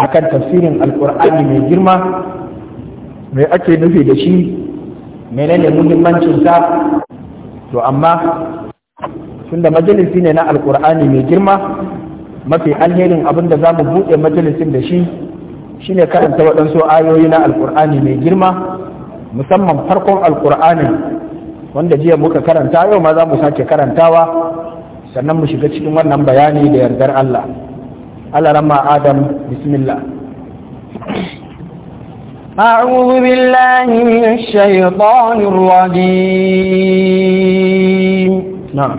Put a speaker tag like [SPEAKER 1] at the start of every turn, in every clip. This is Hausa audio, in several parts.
[SPEAKER 1] akan tafsirin alkur'ani mai girma mai ake nufi da shi menene muhimmancinsa to amma tunda majalisi ne na alkur'ani mai girma mafi alherin abin da za mu buɗe majalisin da shi shine karanta waɗansu ayoyi na alkur'ani mai girma musamman farkon Alƙur'ani, wanda jiya muka karanta yau ma za mu sake karantawa sannan mu shiga cikin wannan bayani da yardar Allah. الرما آدم بسم الله أعوذ بالله من الشيطان الرجيم
[SPEAKER 2] نعم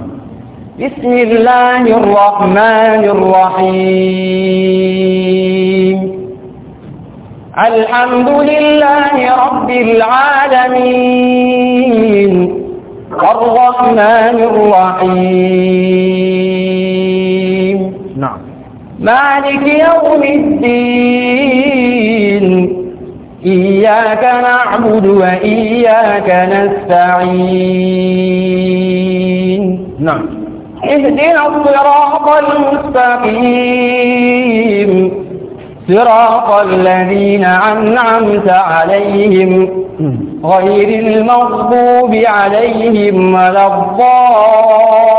[SPEAKER 2] بسم الله الرحمن الرحيم
[SPEAKER 1] الحمد لله رب العالمين الرحمن الرحيم مالك يوم الدين إياك نعبد وإياك نستعين نعم اهدنا الصراط المستقيم صراط الذين أنعمت عليهم غير المغضوب عليهم ولا الضالين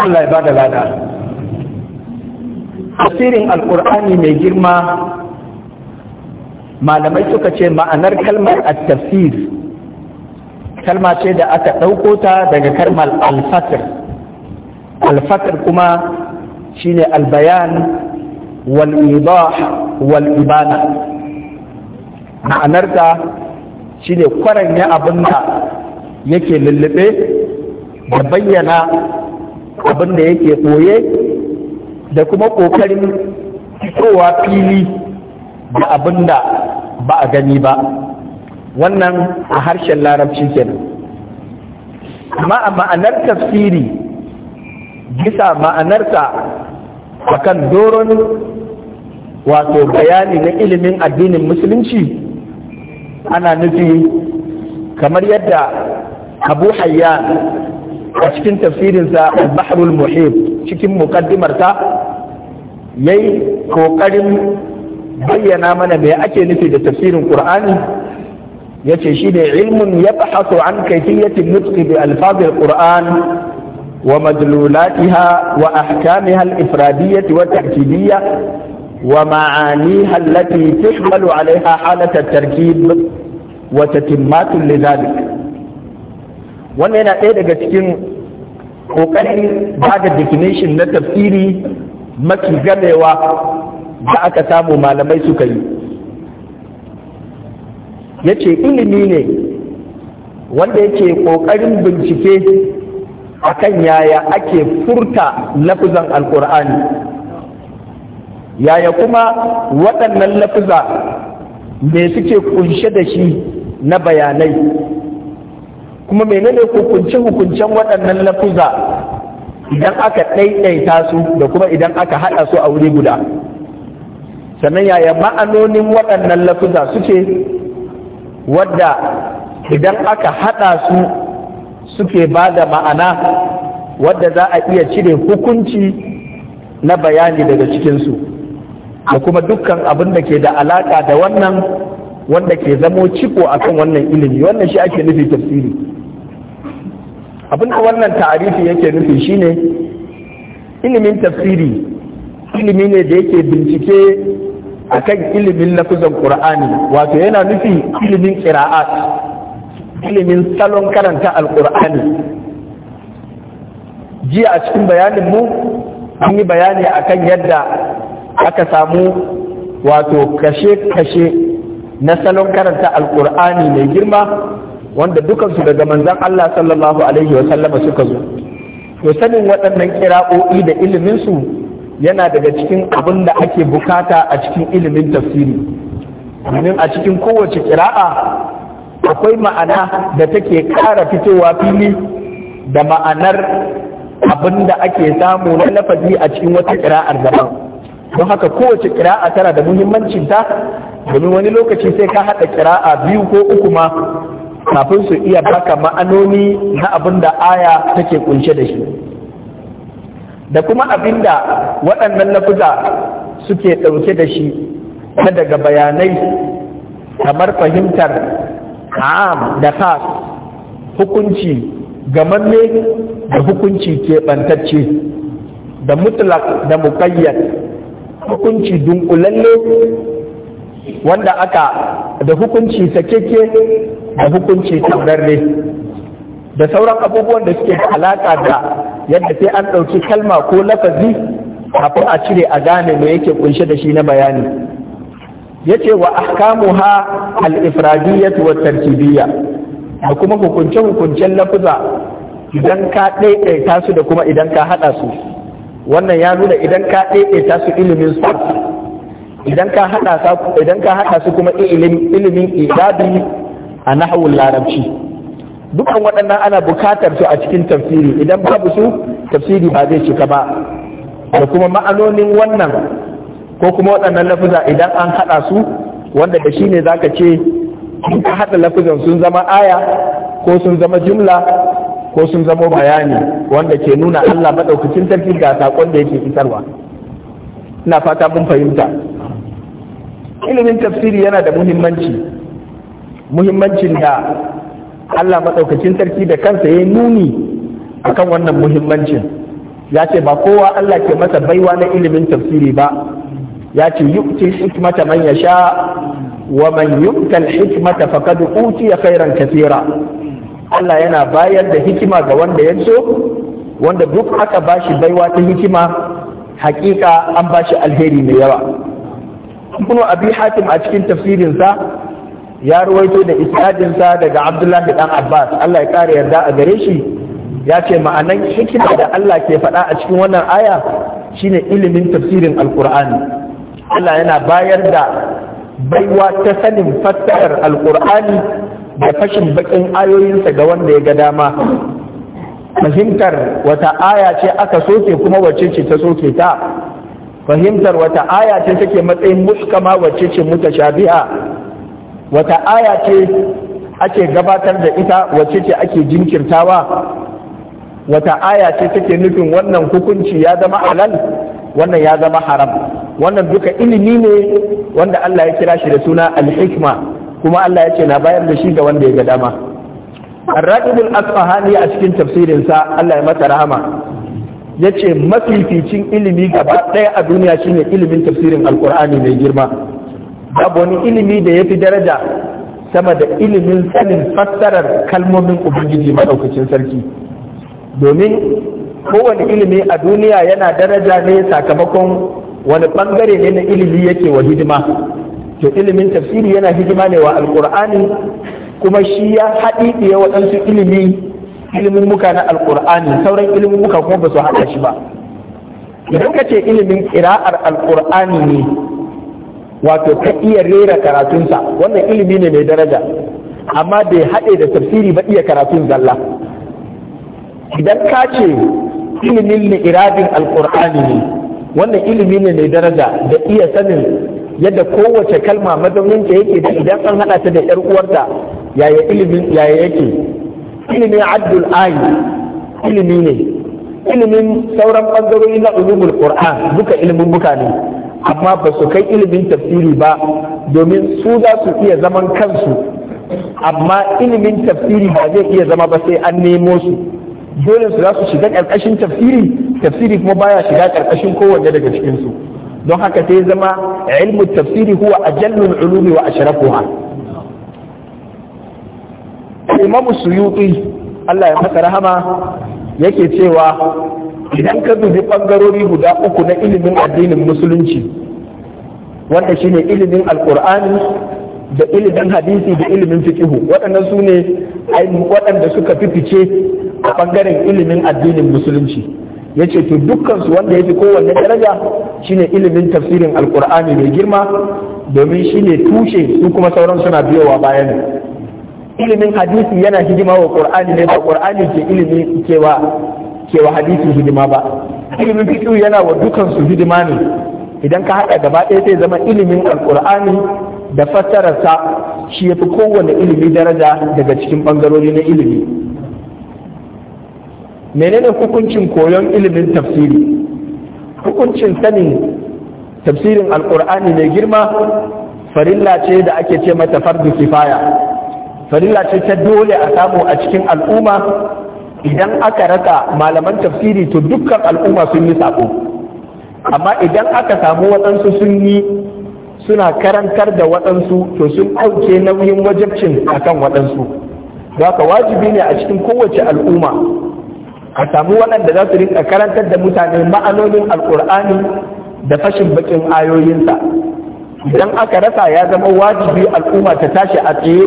[SPEAKER 1] Allah ya ba da lada tasirin alkur'ani mai girma malamai suka ce ma'anar kalmar at-tafsir kalma ce da aka ɗauko ta daga kalmar al Alfatar al kuma shine al-bayan wal wal ibana ma'anarta shine kwaranya abin da yake lullube da bayyana abin da yake koye da kuma ƙoƙarin fitowa fili da abin da ba a gani ba wannan a harshen larabci kenan amma a ma'anar tafsiri bisa ma'anarta kan doron wato bayani na ilimin addinin musulunci ana nufi kamar yadda abu hayyan a cikin tafsirinsa al-bahrul muhib cikin muqaddimarsa yayi kokarin bayyana mana me ake nufi da tafsirin qur'ani yace shine ilmun yabhasu an kayfiyati nutqi bi alfazil qur'an wa madlulatiha wa ahkamiha al-ifradiyyah wa ta'kidiyyah ومعانيها التي تحمل عليها حالة wa tatimmatu lidhalik wannan yana ɗaya daga cikin ƙoƙarin ba da definition na tafsiri mafi gamewa da aka samu malamai suka yi ya ce ilimi ne wanda yake ƙoƙarin bincike a kan yaya ake furta lafizan alkur'ani yaya kuma waɗannan lafiza me suke kunshe da shi na bayanai kuma menene hukunce hukuncen waɗannan lafuza idan aka ɗaiɗaita su da kuma idan aka haɗa su a wuri guda sannan yaya ma'anonin waɗannan lafuza suke wadda idan aka haɗa su suke ba da ma'ana wadda za a iya cire hukunci na bayani daga cikinsu da kuma dukkan abin da ke da alaƙa da wannan wanda ke zamo ciko akan wannan ilimi wannan shi ake nufi tafsiri Abin abinda wannan ta'arifi yake nufi shine ilimin tafsiri ilimi ne da yake bincike a kan ilimin lafizan ƙura'ani wato yana nufi ilimin ƙira'a ilimin salon karanta alƙura'ani jiya a cikin bayaninmu mu an yi bayani a kan yadda aka samu wato kashe-kashe na salon karanta alƙura'ani mai girma wanda dukansu daga manzon Allah sallallahu alaihi wa suka zo to sanin waɗannan kira'o'i da iliminsu yana daga cikin abin da ake bukata a cikin ilimin tafsiri domin a cikin kowace kira'a akwai ma'ana da take ƙara fitowa fili da ma'anar abin da ake samu na lafazi a cikin wata kira'ar daban don haka kowace kira'a tana da muhimmancin ta domin wani lokaci sai ka haɗa kira'a biyu ko uku ma kafin su iya baka ma'anoni na abin da aya take kunshe da shi da kuma abin da waɗannan lafuza suke ɗauke da shi na daga bayanai kamar fahimtar am da khas hukunci gamanne da hukunci keɓantacce da mutlak da muƙayyad hukunci dunkulalle wanda aka da hukunci sakeke da hukunci ne da sauran abubuwan da suke alaƙa da yadda sai an ɗauki kalma ko lafazi kafin a cire a gane me yake kunshe da shi na bayani yace wa ahkamuha al-ifradiyyah wa tartibiyyah da kuma hukunce hukuncen lafuza idan ka ɗaiɗaita su da kuma idan ka haɗa su wannan ya nuna idan ka ɗaiɗaita su ilimin su idan ka haɗa su kuma ilimin idabi a nahawun larabci dukkan waɗannan ana bukatar su a cikin tafsiri idan babu su tafsiri ba zai cika ba da kuma ma'anonin wannan ko kuma waɗannan lafuza idan an haɗa su wanda da shi ne za ka ce ka haɗa lafuzan sun zama aya ko sun zama jumla ko sun zama bayani wanda ke nuna Allah maɗaukacin sarki ga saƙon da yake isarwa ina fata mun fahimta ilimin tafsiri yana da muhimmanci muhimmancin da Allah maɗaukacin sarki da kansa ya nuni akan wannan muhimmancin ya ce ba kowa Allah ke masa baiwa na ilimin tafsiri ba ya ce yu'ti hikmata man sha, wa man yu'ta al-hikmata faqad utiya khairan kathira Allah yana bayar da hikima ga wanda ya so wanda duk aka bashi baiwa ta hikima hakika an bashi alheri mai yawa a Abi Hatim a cikin tafsirinsa ya ruwaito da isnadinsa daga abdullahi dan abbas allah ya kare yarda a gare shi ya ce ma'anan hikima da allah ke faɗa a cikin wannan aya shine ilimin tafsirin alkur'ani allah yana bayar da baiwa ta sanin fassarar alkur'ani da fashin bakin ayoyinsa ga wanda ya ga dama fahimtar wata aya ce aka soke kuma wacce ce ta soke ta fahimtar wata aya ce take matsayin muskama wacce ce mutashabiha wata aya ce ake gabatar da ita wacce ce ake jinkirtawa wata aya ce take nufin wannan hukunci ya zama halal wannan ya zama haram wannan duka ilimi ne wanda Allah ya kira shi da suna al-hikma kuma Allah ya ce na bayar da shi ga wanda ya ga dama Ar-Raqibul Asfahani a cikin tafsirinsa Allah ya mata rahama yace mafificin ilimi gaba ɗaya a duniya shine ilimin tafsirin Al-Qur'ani mai girma babu wani ilimi da ya fi daraja sama da ilimin sanin fassarar kalmomin ubangiji maɗaukacin sarki domin kowane ilimi a duniya yana daraja ne sakamakon wani ɓangare ne na ilimi yake wa hidima to ilimin tafsiri yana hidima ne wa alƙur'ani kuma shi ya haɗi ɗaya waɗansu ilimi ilimin muka na alƙur'ani sauran ilimin muka kuma ba su haɗa shi ba idan ka ce ilimin ƙira'ar alƙur'ani ne wato ka iya rera karatunsa wannan ilimi ne mai daraja amma bai haɗe da tafsiri ba iya karatun zalla idan ka ce ilimin li'irabin alƙur'ani ne wannan ilimi ne mai daraja da iya sanin yadda kowace kalma mazauninta yake da idan an haɗa ta da ‘yar uwarta yaya ilimin yaya yake ilimin abdul ayi ilimi ne ilimin sauran ɓangarori na ulumul qur'an duka ilimin buka ne amma ba su kai ilimin tafsiri ba domin su za su iya zaman kansu amma ilimin tafsiri ba zai iya zama ba sai an nemo su dole su za su shiga ƙarƙashin tafsiri tafsiri kuma baya shiga ƙarƙashin kowanne daga cikinsu don haka sai zama ilmu tafsiri huwa jallun ulumi wa ashrafuha imamu suyuti Allah ya masa rahama yake cewa idan ka dubi bangarori guda uku na ilimin addinin musulunci wanda shine ilimin alkur'ani da ilimin hadisi da ilimin fikihu waɗannan su ne waɗanda suka fi fice a bangaren ilimin addinin musulunci ya ce to dukkansu wanda ya fi kowanne daraja shine ilimin tafsirin alkur'ani mai girma domin shine tushe su kuma sauran suna biyowa bayan ilimin hadisi yana hidima wa qur'ani ne ba qur'ani ke ilimi cewa cewa hadisi hidima ba ilimin fiqh yana wa dukan su hidima ne idan ka haɗa gaba ɗaya zai zama ilimin alkur'ani da fassarar sa shi yafi kowanne kowane ilimi daraja daga cikin bangarori na ilimi menene hukuncin koyon ilimin tafsiri hukuncin sanin tafsirin alkur'ani mai girma farilla ce da ake ce mata fardu kifaya farilla ce ta dole a samu a cikin al'umma idan aka raka malaman tafsiri to dukkan al'umma sun yi sako amma idan aka samu waɗansu sun yi suna karantar da waɗansu to sun ɗauke nauyin wajabcin kan waɗansu haka wajibi ne a cikin kowace al'umma a samu waɗanda za su rinka karantar da mutane ma'anonin alƙur'ani da fashin baƙin ayoyinsa idan aka rasa ya zama wajibi al'umma ta tashi a tsaye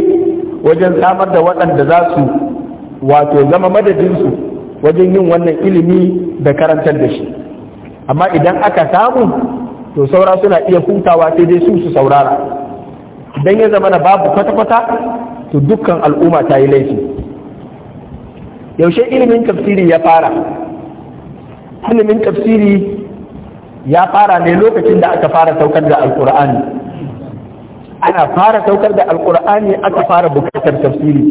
[SPEAKER 1] wajen samar da waɗanda za su wato zama madadinsu wajen yin wannan ilimi da karantar da shi amma idan aka samu to saura suna iya hutawa sai dai su su saurara idan ya zama na babu kwata-kwata to dukkan al'umma ta yi laifi yaushe ilimin tafsiri ya fara ilimin tafsiri ya fara ne lokacin da aka fara saukar da alkur'ani ana fara saukar da alkur'ani aka fara bukatar tafsiri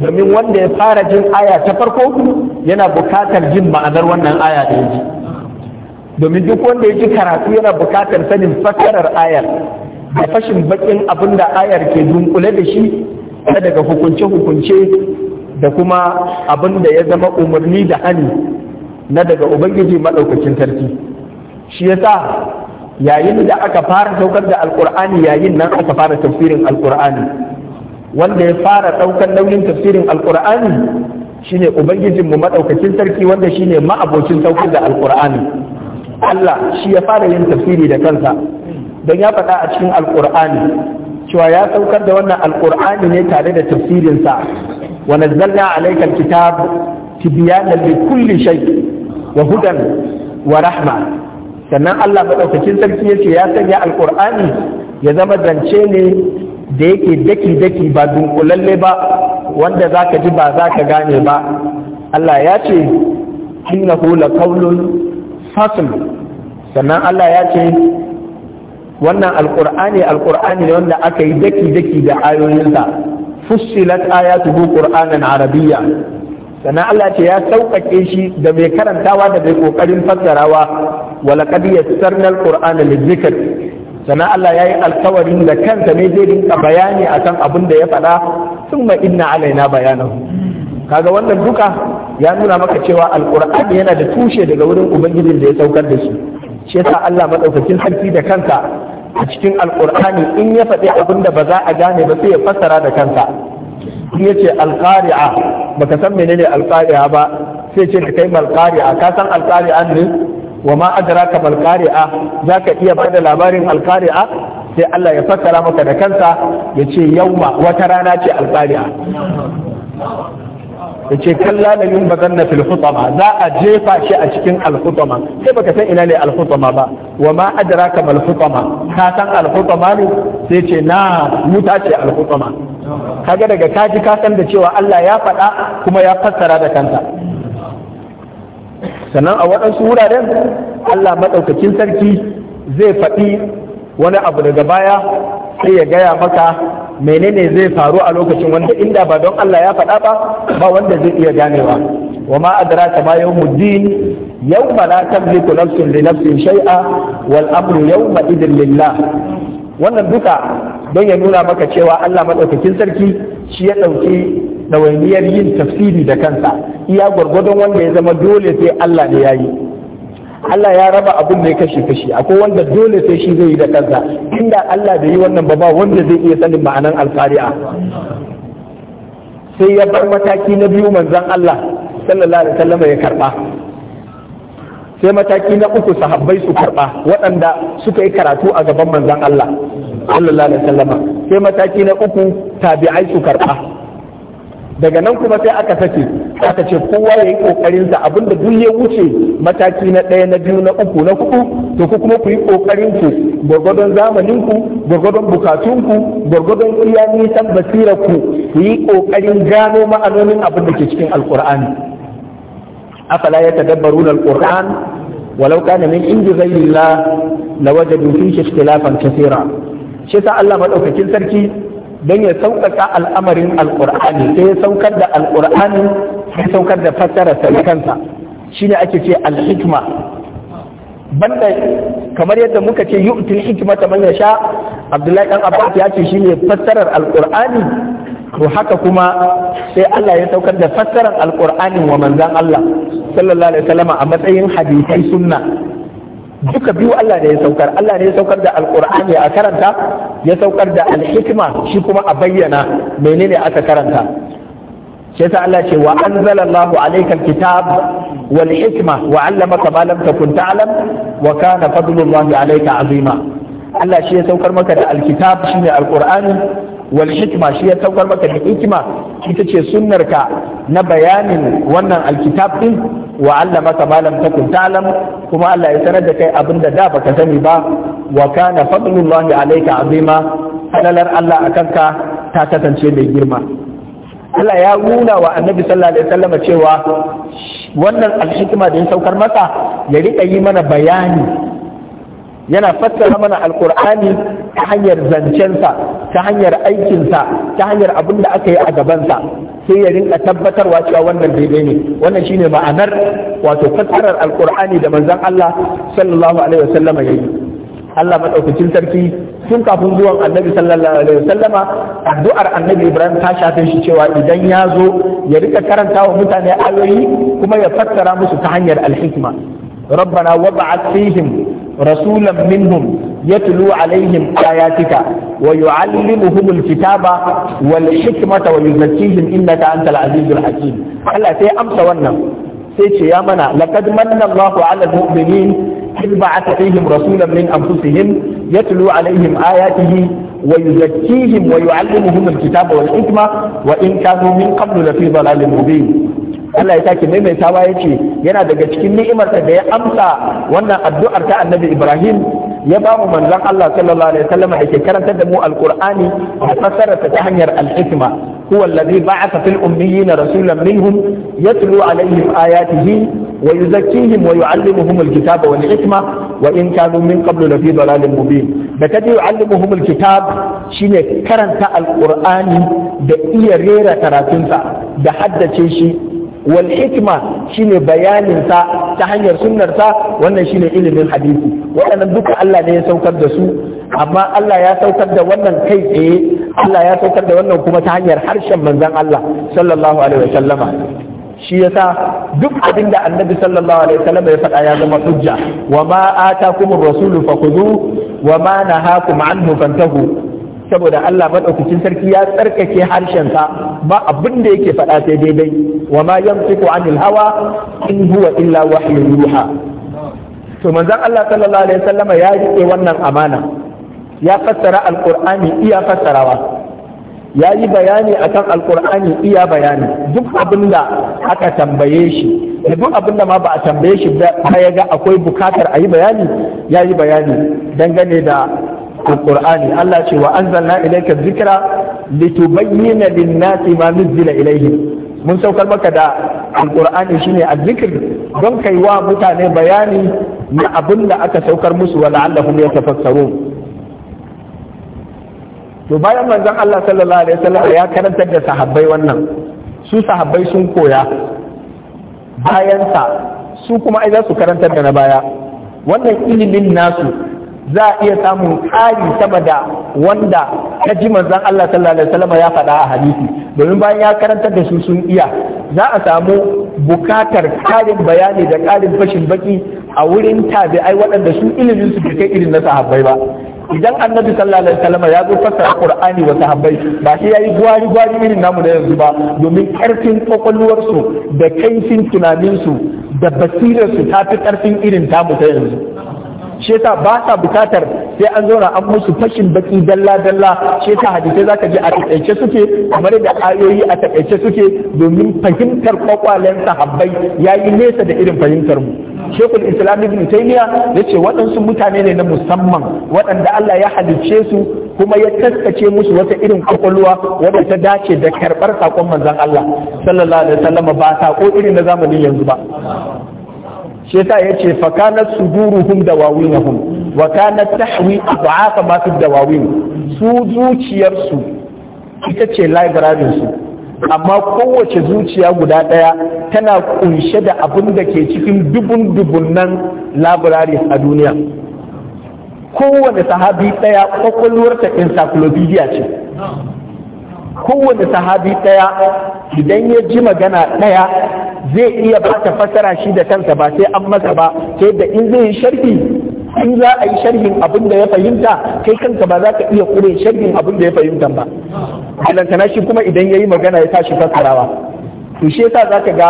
[SPEAKER 1] domin wanda ya fara jin aya ta farko yana bukatar jin ma'anar wannan aya da ji domin duk wanda ya ji karatu yana bukatar sanin fassarar ayar da fashin bakin abin da ayar ke dunkule da shi daga hukunce-hukunce da kuma abin da ya zama umarni da hani na daga ubangiji maɗaukacin sarki shi yasa yayin da aka fara saukar da alkur'ani yayin nan aka fara tafsirin alkur'ani wanda ya fara ɗaukar nauyin tafsirin alkur'ani shine ubangijinmu maɗaukacin sarki wanda shine ma'abocin saukar da alkur'ani Allah shi ya fara yin tafsiri da kansa don ya faɗa a cikin alkur'ani cewa ya saukar da wannan alkur'ani ne tare da tafsirinsa wa nazzalna alayka alkitab tibyana li kulli shay wa hudan wa rahma sannan Allah maɗaukacin sarki yace ya sanya alkur'ani ya zama zance ne da yake daki-daki ba dunkulalle ba wanda za ka ji ba za ka gane ba Allah ya ce innahu la qawlun fasl sannan Allah ya ce wannan Alƙur'ani alqur'ani ne wanda aka yi daki-daki da ayoyinsa fussilat ayatuhu qur'anan arabiyya sannan Allah ce ya sauƙaƙe shi da mai karantawa da mai ƙoƙarin fassarawa walaƙad yassarnal qur'ana lizikr sannan Allah ya yi alkawarin da kanta ne zai rinka bayani akan abin da ya faɗa sun ma inna alaina bayanan kaga wannan duka ya nuna maka cewa alkur'ani yana da tushe daga wurin ubangijin da ya saukar da shi shi yasa Allah maɗaukacin sarki da kanta a cikin alkur'ani in ya faɗi abin da ba za a gane ba sai ya fassara da kanta. in ya ce ba baka san menene alqari'a ba sai ce da kai malqari'a ka san alqari'an ne wa ma adraka bal qari'a zaka iya bada labarin al qari'a sai Allah ya fassara maka da kansa ya ce yauma wata rana ce al qari'a ya ce kalla la yun bazanna fil hutama za a jefa shi a cikin al hutama sai baka san ina ne al hutama ba wa ma adraka bal hutama ka san al hutama ne sai ce na wuta ce al hutama kaga daga kaji ka san da cewa Allah ya faɗa kuma ya fassara da kansa sannan a waɗansu wuraren Allah maɗaukakin sarki zai faɗi wani abu daga baya sai ya gaya maka menene zai faru a lokacin wanda inda ba don Allah ya faɗa ba ba wanda zai iya ganewa wa ma adraka ma yawmuddin yawma la tamliku nafsun li nafsin shay'a wal amru yawma idin lillah wannan duka don ya nuna maka cewa Allah maɗaukakin sarki shi ya ɗauki. ɗawainiyar yin tafsiri da kansa iya gwargwadon wanda ya zama dole sai Allah ne ya yi Allah ya raba abin ne kashi kashi akwai wanda dole sai shi zai yi da kansa inda Allah da yi wannan ba ba wanda zai iya sanin ma'anan alfari'a sai ya bar mataki na biyu manzan Allah sallallahu alaihi wasallam ya karba sai mataki na uku sahabbai su karba waɗanda suka yi karatu a gaban manzan Allah sallallahu alaihi wasallam sai mataki na uku tabi'ai su karba daga nan kuma sai aka sace, aka ce kowa ya yi kokarin sa abinda duk ya wuce mataki na ɗaya na biyu na uku na hudu to ku kuma ku yi kokarin ku gwargwadon zamanin ku gwargwadon bukatun ku gwargwadon iya nisan basira ku ku yi kokarin gano ma'anonin abin da ke cikin alkur'ani afala ya tadabbaruna alkur'an walau kana min indi ghayrillah lawajadu fihi ikhtilafan kathira shi sa Allah madaukakin sarki don ya sauƙaƙa al'amarin alƙur'ani sai ya saukar da alƙur'ani sai saukar da fassara sa kansa ake ce al-hikma banda kamar yadda muka ce yu'til hikmata ya sha, Abdullahi dan Abbas ya ce shine fassarar alqur'ani to haka kuma sai Allah ya saukar da fassarar alqur'ani wa manzon Allah sallallahu alaihi wasallam a matsayin hadisai sunna duka biyu Allah ne ya saukar Allah ne ya saukar da alkur'ani a karanta ya saukar da alhikma shi kuma a bayyana menene aka karanta shi yasa Allah ce wa anzalallahu Allahu alayka alkitab wal hikma wa 'allamaka ma lam takun ta'lam wa kana fadlullahi alayka azima Allah shi ya saukar maka da alkitab shine alkur'ani wal hikma shi ya saukar maka da hikima ita ce sunnarka na bayanin wannan alkitab din wa Allah maka malam takun ta'lam kuma Allah ya sanar da kai abin da da baka sani ba wa kana fadlullahi alayka azima halalar Allah akan ka ta kasance mai girma Allah ya nuna wa Annabi sallallahu alaihi wasallam cewa wannan alhikima da ya saukar masa ya rika yi mana bayani yana fassara mana alkur'ani ta hanyar zancensa ta hanyar aikinsa ta hanyar abin da aka yi a gabansa sai ya rinka tabbatarwa cewa wannan daidai ne wannan shine ma'anar wato fassarar alkur'ani da manzon Allah sallallahu alaihi wasallam Allah madaukakin sarki tun kafin zuwan annabi sallallahu alaihi wasallama addu'ar annabi Ibrahim ta shafe shi cewa idan ya zo ya rika karanta wa mutane ayoyi kuma ya fassara musu ta hanyar alhikma ربنا وضعت فيهم رسولا منهم يتلو عليهم آياتك ويعلمهم الكتاب والحكمة ويزكيهم إنك أنت العزيز الحكيم هلا سي أمس ونا سي يا منا لقد من الله على المؤمنين إذ بعث فيهم رسولا من أنفسهم يتلو عليهم آياته ويزكيهم ويعلمهم الكتاب والحكمة وإن كانوا من قبل لفي ضلال مبين Allah ya sake maimaita ya ce yana daga cikin ni'imarsa da ya amsa wannan addu'ar ta Annabi Ibrahim ya ba mu manzon Allah sallallahu alaihi wasallam da ke karantar da mu alqur'ani da fasararsa ta hanyar al-hikma huwa alladhi ba'atha fil ummiyina rasulan minhum yatlu alaihim ayatihi wa yuzakkihim wa yu'allimuhum al-kitaba wal hikma wa in kanu min qablu lafi dalalin mubin da kaje yu'allimuhum al-kitab shine karanta alqur'ani da iya rera karatunsa da haddace shi wal hikma shine bayanin sa ta hanyar sunnar sa wannan shine ilimin hadisi waɗannan duka Allah ne ya saukar da su amma Allah ya saukar da wannan kai tsaye Allah ya saukar da wannan kuma ta hanyar harshen manzan Allah sallallahu alaihi wasallama shi yasa duk abinda annabi sallallahu alaihi wasallam ya faɗa ya zama hujja wa ma atakum ar-rasul wa ma nahakum anhu fantahu saboda Allah maɗaukacin sarki ya tsarkake harshensa ba abin da yake faɗa sai daidai wa ma yamsiku anil hawa in huwa illa wahyu ruha. to manzon Allah sallallahu alaihi wasallama ya rike wannan amana ya fassara alqur'ani iya fassarawa ya yi bayani akan alqur'ani iya bayani duk abin da aka tambaye shi da duk abin da ma ba a tambaye shi ba ya ga akwai bukatar a yi bayani ya yi bayani dangane da alqur'ani Allah ce wa anzalna ilayka dhikra litubayyana lin-nasi ma nuzila ilayhim mun saukar maka da alqur'ani shine azzikr don kai wa mutane bayani na abin da aka saukar musu wa la'allahum yatafakkarun to bayan manzon Allah sallallahu alaihi wasallam ya karantar da sahabbai wannan su sahabbai sun koya bayansa su kuma ai za su karantar da na baya wannan ilimin nasu za a iya samun ƙari sama da wanda ta ji manzan Allah sallallahu alaihi wasallam ya faɗa a hadisi domin bayan ya karantar da su sun iya za a samu bukatar ƙarin bayani da ƙarin fashin baki a wurin tabi'ai waɗanda su ilimin su kai irin na sahabbai ba idan annabi sallallahu alaihi wasallam ya zo fassara qur'ani wa sahabbai ba shi yayi gwari gwari irin namu da yanzu ba domin karfin kwakwalwar da kaifin tunanin su da basirarsu ta fi karfin irin tamu ta yanzu shi yasa ba sa bukatar sai an zauna an musu fashin baki dalla dalla shi yasa hadisai zaka ji a takaice suke kamar da ayoyi a takaice suke domin fahimtar kwakwalen sahabbai yayi nesa da irin fahimtar mu shekul islam ibn taymiya yace waɗansu mutane ne na musamman waɗanda Allah ya halicce su kuma ya taskace musu wata irin kwakwalwa wadda ta dace da karɓar saƙon manzon Allah sallallahu alaihi wasallam ba ko irin na zamanin yanzu ba shi yace fa na suduruhum dawawinahum wa kanat tahwi adhafa ma fi dawawin su zuciyarsu ita ce library su amma kowace zuciya guda ɗaya tana kunshe da abin da ke cikin dubun dubunnan library a duniya kowane sahabi daya kwakwalwarta encyclopedia ce kowane sahabi ɗaya idan ya ji magana ɗaya zai iya ba ta fasara shi da kansa ba sai an masa ba sai da in zai yi sharhi in za a yi sharhin abin da ya fahimta kai kanka ba za ka iya kure sharhin abin da ya fahimta ba alantana shi kuma idan ya yi magana ya tashi fasarawa to shi yasa zaka ga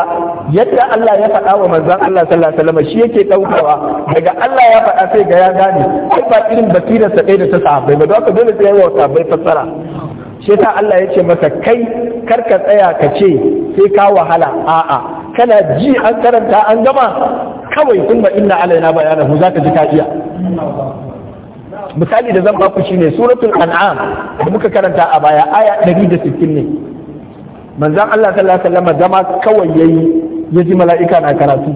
[SPEAKER 1] yadda Allah ya faɗa wa manzon Allah sallallahu alaihi wasallam shi yake daukawa daga Allah ya faɗa sai ga ya gane ai ba irin basirar sa da ta sahabbai ba don haka dole sai ya yi wa sahabbai fassara shi ta Allah ya ce masa kai kar ka tsaya ka ce sai ka wahala a'a kana ji an karanta an gama kawai kun ba inna alaina za zaka ji kafiya misali da zan baku shine suratul an'am da muka karanta a baya aya 160 ne manzon Allah sallallahu alaihi wasallam zama kawai yayi ya ji mala'ika na karatu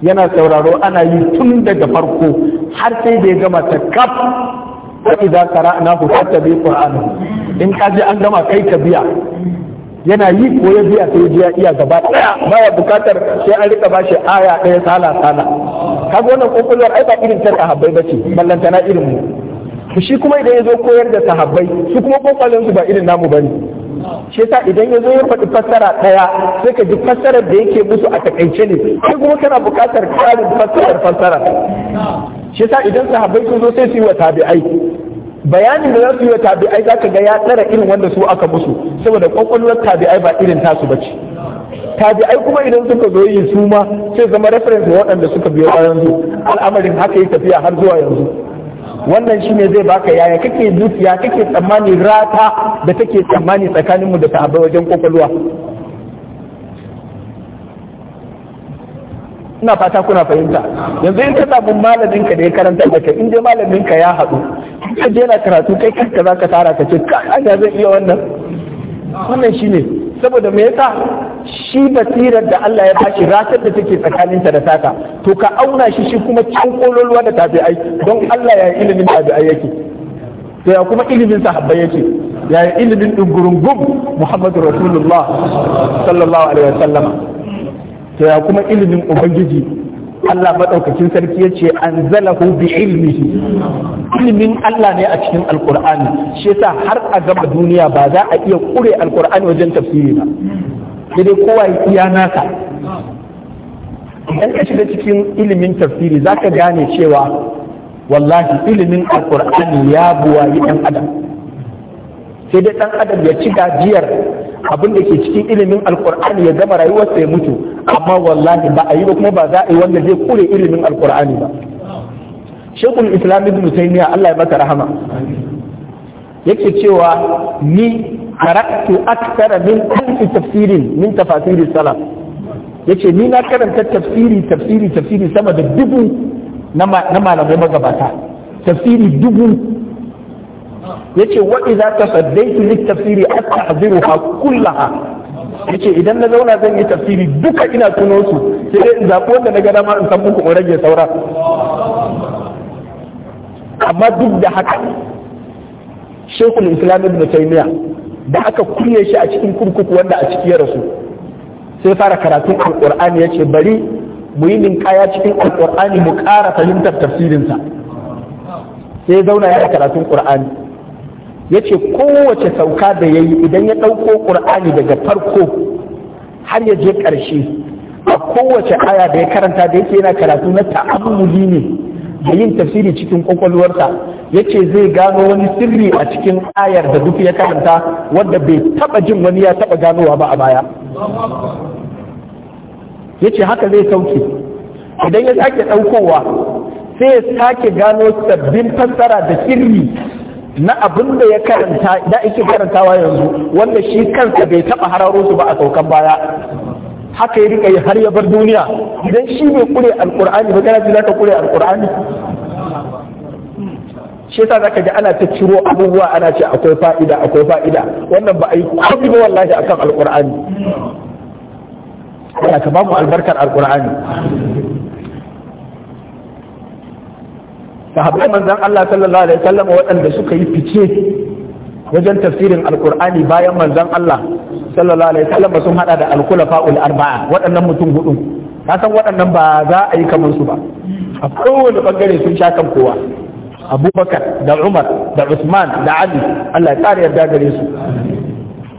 [SPEAKER 1] yana sauraro ana yi tun daga farko har sai da ya gama ta kaf wa idza qara'nahu fattabi qur'anahu in ka ji an gama kai ka biya yana yi ko ya biya sai biya iya gaba daya baya bukatar sai an rika bashi aya daya sala sala kaga wannan kokolwar ai ba irin ta sahabbai bace ballanta na irin mu to shi kuma idan ya koyar da sahabbai su kuma kokolin su ba irin namu bane shi yasa idan ya zo ya faɗi fassara ɗaya sai ka ji fassarar da yake musu a takaice ne sai kuma kana bukatar karin fassarar fassara shi sa idan sahabbai sun zo sai su yi wa tabi'ai bayanin da za su yi wa tabi'ai za ka ga ya tsara irin wanda su aka musu saboda kwakwalwar tabi'ai ba irin tasu ba ce tabi'ai kuma idan suka zo yi su ma sai zama reference ga waɗanda suka biyo a yanzu al'amarin haka yi tafiya har zuwa yanzu wannan shi ne zai baka yaya kake dukiya kake tsammani rata da take tsammani tsakaninmu da sahabbai wajen kwakwalwa ina fata kuna fahimta yanzu in ka samu malamin ka da ya karanta da kai in dai malamin ka ya haɗu ka je na karatu kai kanka za ka tara ka ce an ya zai iya wannan wannan shine saboda me yasa shi basirar da Allah ya bashi ratar da take tsakaninta da taka to ka auna shi shi kuma cikin kololuwa da tafi don Allah ya yi ilimin tafi ai yake to ya kuma ilimin sahabbai yake ya yi ilimin dungurungum Muhammadu Rasulullah sallallahu alaihi wasallam to ya kuma ilimin ubangiji Allah maɗaukacin sarki ya ce an zalahu bi ilmihi ilimin Allah ne a cikin alkur'ani shi yasa har a gama duniya ba za a iya ƙure alkur'ani wajen tafsiri ba sai dai kowa ya iya nasa idan ka shiga cikin ilimin tafsiri za ka gane cewa wallahi ilimin alkur'ani ya yi ɗan adam sai dai ɗan adam ya ci gajiyar abin da ke cikin ilimin alkur'ani ya gama rayuwarsa ya mutu amma wallahi ba a yi ba kuma ba za a yi wanda zai kure ilimin alkur'ani ba shekul islam ibn taymiya Allah ya maka rahama yake cewa ni karaktu akthara min tafsirin min tafasirin salaf yace ni na karanta tafsiri tafsiri tafsiri sama da dubu na malamai magabata tafsiri dubu yace wa idza tasaddaitu lit-tafsiri atahziruha kullaha yace idan na zauna zan yi tafsiri duka ina tuno su sai dai in zabo da na ga dama in san muku in rage saura amma duk da haka shekul islam ibn taymiya da aka kunye shi a cikin kurkuku wanda a ciki ya rasu sai fara karatun alqur'ani yace bari mu yi ninkaya cikin alqur'ani mu ƙara fahimtar tafsirinsa sai zauna ya karatun qur'ani ya ce kowace sauka da ya yi idan ya ɗauko ƙur'ani daga farko har ya je ƙarshe a kowace aya da ya karanta da yake yana karatu na ta'ammuli ne da yin tafsiri cikin ƙwaƙwalwarsa ya ce zai gano wani sirri a cikin ayar da duk ya karanta wadda bai taɓa jin wani ya taɓa ganowa ba a baya ya ce haka zai sauke idan ya sake ɗaukowa sai ya sake gano sabbin fassara da sirri na abin da ya karanta da yake karantawa yanzu wanda shi kansa bai taba hararo su ba a saukan baya haka ya rika yi har ya bar duniya idan shi bai kure alkur'ani ba kana za ka kure alkur'ani shi yasa zaka ji ana ta ciro abubuwa ana ce akwai fa'ida akwai fa'ida wannan ba a yi kwafi ba wallahi akan alkur'ani Allah ka mu albarkar alkur'ani sahabbai manzon Allah sallallahu alaihi wasallam waɗanda suka yi fice wajen tafsirin alkur'ani bayan manzon Allah sallallahu alaihi wasallam sun hada da alkulafa'ul arba'a waɗannan mutum hudu ka san waɗannan ba za a yi kamar su ba a kowane bangare sun sha kan kowa abubakar da umar da usman da ali allah ya yarda gare su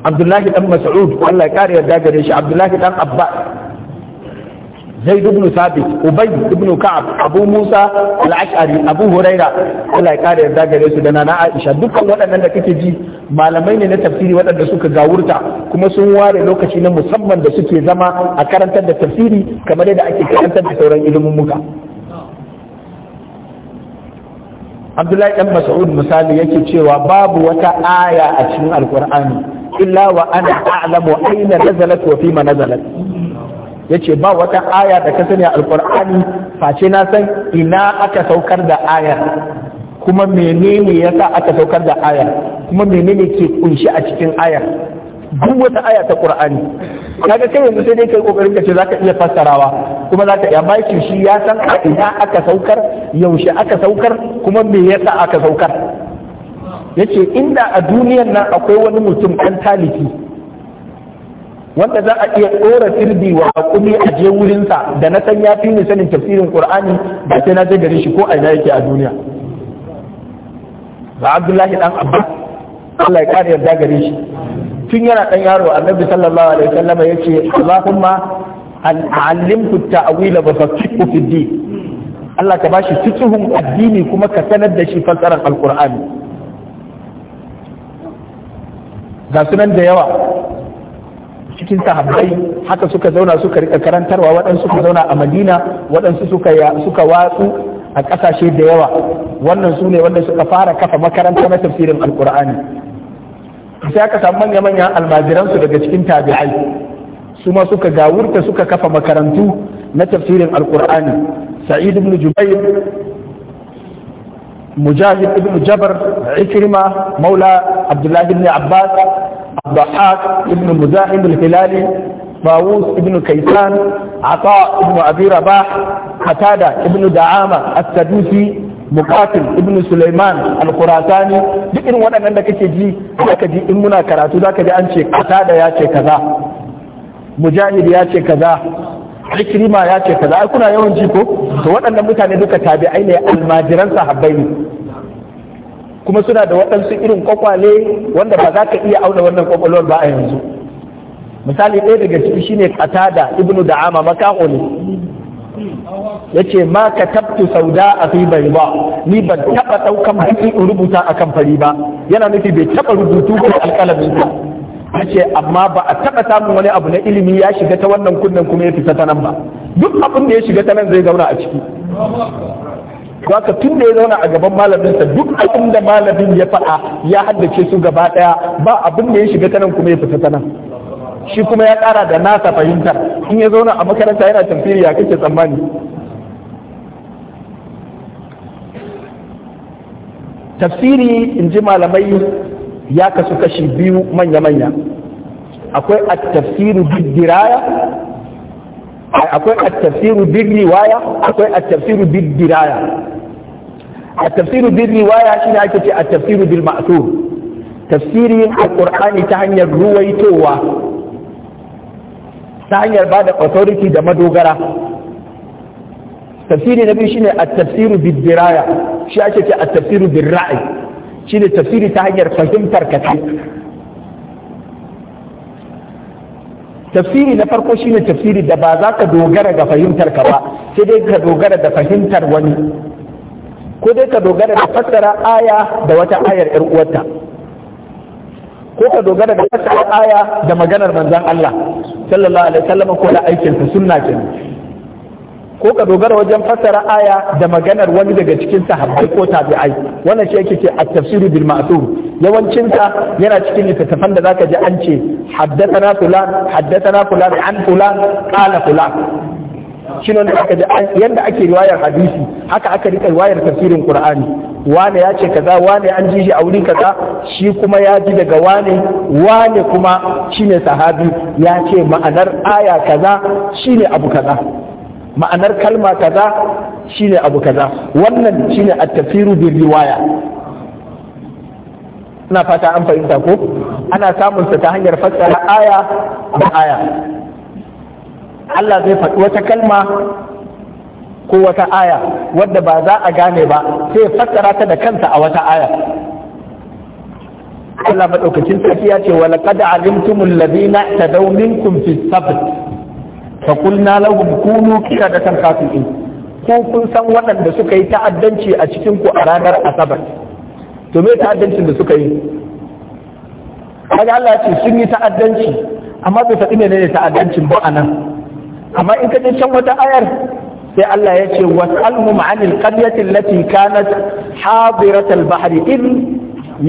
[SPEAKER 1] abdullahi dan mas'ud allah ya ƙara yarda gare shi abdullahi dan abba zaid ibn sabit ubai ibn ka'ab abu musa al-ash'ari abu huraira Allah ya kare yarda gare su da nana aisha duka waɗannan da kake ji malamai ne na tafsiri waɗanda suka gawurta kuma sun ware lokaci na musamman da suke zama a karantar da tafsiri kamar yadda ake karantar da sauran ilimin muka Abdullahi dan Mas'ud misali yake cewa babu wata aya a cikin Alkur'ani illa wa ana a'lamu aina nazalat wa fima nazalat yace ba wata aya da ka sani a face na san ina aka saukar da ayar kuma menene ya sa aka saukar da ayar kuma menene ke kunshi a cikin ayar duk wata aya ta qur'ani kaga kai yanzu sai dai kai kokarin ka ce zaka iya fassarawa kuma zaka iya baki shi ya san a ina aka saukar yaushe aka saukar kuma me yasa aka saukar yace inda a duniyar nan akwai wani mutum kan taliki wanda za a iya ɗora sirbi wa hakumi a je wurinsa da na san ya fi ni sanin tafsirin qur'ani ba sai na je gare shi ko a ina yake a duniya ba abdullahi dan abbas Allah ya kare yarda gare shi tun yana ɗan yaro annabi sallallahu alaihi wasallam yace allahumma an allimtu ta'wila wa faqihu fi din Allah ka bashi fiqhun addini kuma ka sanar da shi fassarar alqur'ani ga sunan da yawa cikin sahabbai haka suka zauna suka rika karantarwa waɗansu suka zauna a madina waɗansu suka suka watsu a ƙasashe da yawa wannan su ne wanda suka fara kafa makaranta na tafsirin alkur'ani sai aka samu manya manyan almajiransu daga cikin tabi'ai su ma suka gawurta suka kafa makarantu na tafsirin alkur'ani sa'id ibn jubair mujahid ibn jabar ikrima maula abdullahi ibn abbas ضحاك ابن مزاحم الهلالي Ibnu Kaisan, كيسان Ibnu Abira, أبي رباح Ibnu ابن دعامة السدوسي mukatil ibnu sulaiman al-khurasani duk irin waɗannan da kake ji zaka ji in muna karatu zaka ji an ce katada ya kaza mujahid ya kaza ikrima ya kaza ai kuna yawan ji ko to waɗannan mutane duka tabi'ai ne almajiran sahabbai kuma suna da waɗansu irin kwakwale wanda ba za ka iya auna wannan kwakwalwar ba a yanzu misali ɗaya daga ciki shine qatada ibnu da'ama makaho ne yace ma ka katabtu sauda a fi bai ba ni ban taba ɗaukan baki in rubuta akan fari ba yana nufi bai taba rubutu ko alƙalamin ka yace amma ba a taba samun wani abu na ilimi ya shiga ta wannan kunnen kuma ya fita ta nan ba duk abin da ya shiga ta nan zai zauna a ciki haka tun da ya zauna a gaban malaminsa duk abin da malamin ya faɗa ya haddace su gaba ɗaya ba abin da ya shiga ta nan kuma ya fita ta nan shi kuma ya ƙara da nasa fahimta in ya zauna a makaranta yana tamfiri ya kake tsammani tafsiri in ji malamai ya kasu kashi biyu manya-manya akwai a tafsiri bid diraya akwai at-tafsiru bir riwaya akwai at-tafsiru bid diraya at-tafsiru bir riwaya shine ake ce at-tafsiru bil ma'thur tafsirin alqur'ani ta hanyar ruwaitowa ta hanyar bada authority da madogara tafsiri na biyu shine at-tafsiru bid diraya shi ake ce at-tafsiru bir ra'i shine tafsiri ta hanyar fahimtar kaci tafsiri na farko shine tafsiri da ba za ka dogara ga fahimtar ka ba sai dai ka dogara da fahimtar wani ko dai ka dogara da fassara aya da wata ayar yar uwarta ko ka dogara da fassara aya da maganar manzon Allah sallallahu alaihi wasallam ko da aikin sunna kenan ko ka dogara wajen fassara aya da maganar wani daga cikin sahabbai ko tabi'ai wannan shi yake ce at-tafsiru bil ma'thur yawancin ta yana cikin littattafan da zaka ji an ce haddathana fulan haddathana fulan an fulan qala fulan shine wanda aka ji yanda ake riwayar hadisi haka aka rika riwayar tafsirin qur'ani wane ya ce kaza wane an ji shi a wurin kaza shi kuma ya ji daga wane wane kuma shine sahabi ya ce ma'anar aya kaza shine abu kaza ma'anar kalma kaza shine abu kaza wannan shine at-tafsiru bi riwaya ina fata an fahimta ko ana samun ta hanyar fassara aya da aya Allah zai faɗi wata kalma ko wata aya wadda ba za a gane ba sai fassara ta da kansa a wata aya Allah madaukakin sarki ya ce wa laqad alimtumul ladina tadaw minkum fi sabt fa qulna lahum kunu qiyadatan khasi'in ko kun san waɗanda suka yi ta'addanci a cikin ku a ranar asabar to me ta'addancin da suka yi kaga Allah ce sun yi ta'addanci amma bai faɗi ne ne ta'addancin ba anan amma in ka je can wata ayar sai Allah ya ce was'alhum 'anil qaryati allati kanat hadirat al-bahr id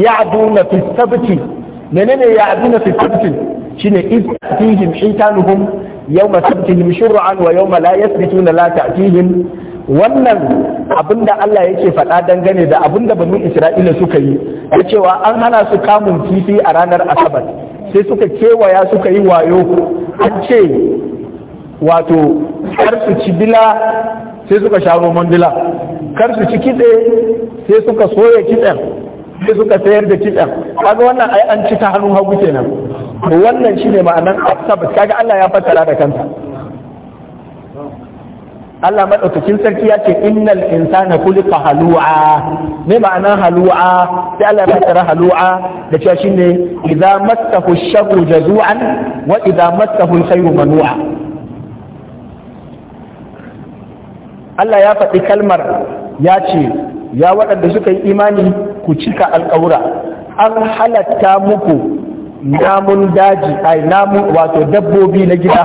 [SPEAKER 1] ya'duna fi sabti menene ya'duna fi sabti shine in tihim shaytanuhum يوم سبتهم شرعا wa لا يثبتون لا تأتيهم wannan abinda Allah yake faɗa dangane da abinda banu Isra'ila suka yi ya cewa an hana su kamun kifi a ranar Asabar sai suka kewaya suka yi wayo an ce wato kar su ci bila sai suka sha roman bila kar su ci kitse sai suka soya kitsen sai suka sayar da kitsen kaga wannan ai an ci ta hannun hagu kenan to wannan ne ma'anar asabat kaga Allah ya fassara da kansa Allah madaukakin sarki ya ce innal insana kulika halu'a me ma'anar halu'a sai Allah ya fassara halu'a da cewa shine idza massahu ash-sharru jazu'an wa idza massahu al-khayru manu'a Allah ya faɗi kalmar ya ce ya waɗanda suka yi imani ku cika alƙawura an halatta muku namun daji ai namun wato dabbobi na gida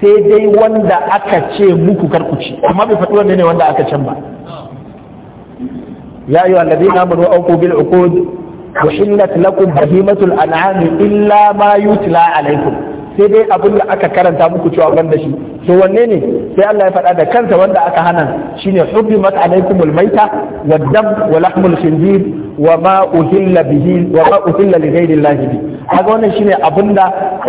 [SPEAKER 1] sai dai wanda aka ce muku karkuci amma bai faɗi wanda ne wanda aka can ba ya yi zai namun wa auku bil uqud وحلت لكم illa ma yi ما يتلى alaikum, sai dai abin da aka karanta muku cewa ban da shi to wanne ne sai Allah ya faɗa da kansa wanda aka hana shine hubbimat alaikumul maita wa dam wa lahmul khinzir wa ma uhilla bihi wa ma uhilla li ghayri llahi bi kaga wannan shine abinda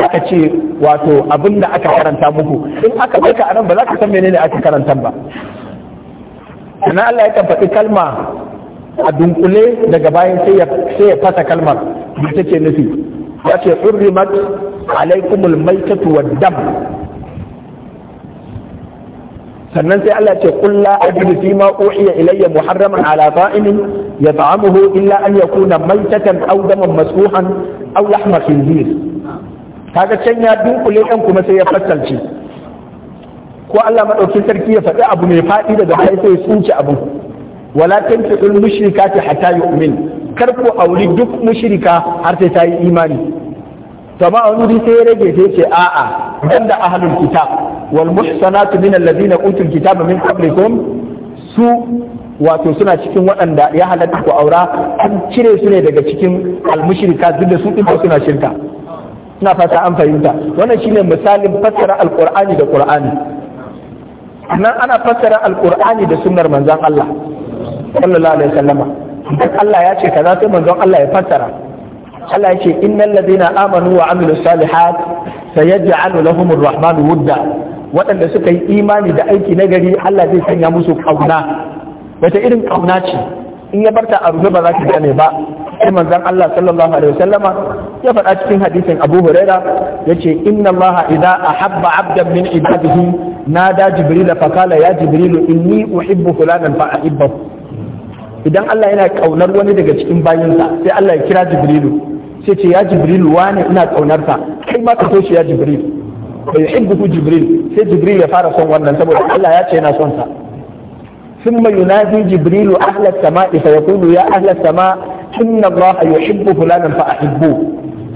[SPEAKER 1] aka ce wato abinda aka karanta muku in aka baka anan ba za ka san menene aka karanta ba sannan Allah ya faɗi kalma a dunkule daga bayan sai ya sai ya fasa kalmar da take nufi ya ce urrimat alaikumul maitatu wad dam sannan sai Allah ce qul la ajidu fi ma uhiya ilayya muharraman ala ta'imin yat'amuhu illa an yakuna maytatan aw daman masfuhan aw lahma khinzir kaga can ya dunkule ɗan kuma sai ya fassalce ko Allah madaukin sarki ya faɗi abu mai faɗi daga kai sai ya tsinci abu wala tanfiqul mushrikati hatta yu'min kar ku auri duk mushrika har sai ta yi imani to ba wani sai ya rage sai ce a'a a ahlul kitab wal muhsanatu min alladhina utul kitaba min qablikum su wato suna cikin waɗanda ya halatta ku aura an cire su ne daga cikin almushrika duk da su din suna shirka ina fata an fahimta wannan shine misalin fassara alqur'ani da qur'ani nan ana fassara alqur'ani da sunnar manzon Allah sallallahu alaihi wasallama idan Allah ya ce kaza sai manzon Allah ya fassara Allah ya ce innal ladina amanu wa amilus salihat sayaj'alu lahumur rahmanu wudda waɗanda suka yi imani da aiki na gari Allah zai sanya musu kauna wata irin kauna ce in ya barta a rufe ba za ki gane ba sai manzon Allah sallallahu alaihi wasallama ya faɗa cikin hadisin Abu Huraira yace inna Allah idza ahabba 'abdan min ibadihi nada jibril fa qala ya jibril inni uhibbu fulanan fa ahibbahu idan Allah yana kaunar wani daga cikin bayansa sai Allah ya kira jibrilu sai ce ya jibril wane ina kaunarsa kai ma ka toshe ya jibril bai yuhibbu jibril sai jibril ya fara son wannan saboda Allah ya ce yana son sa ثم ينادي جبريل أهل السماء فيقول يا أهل السماء إن الله يحب فلانا فأحبوه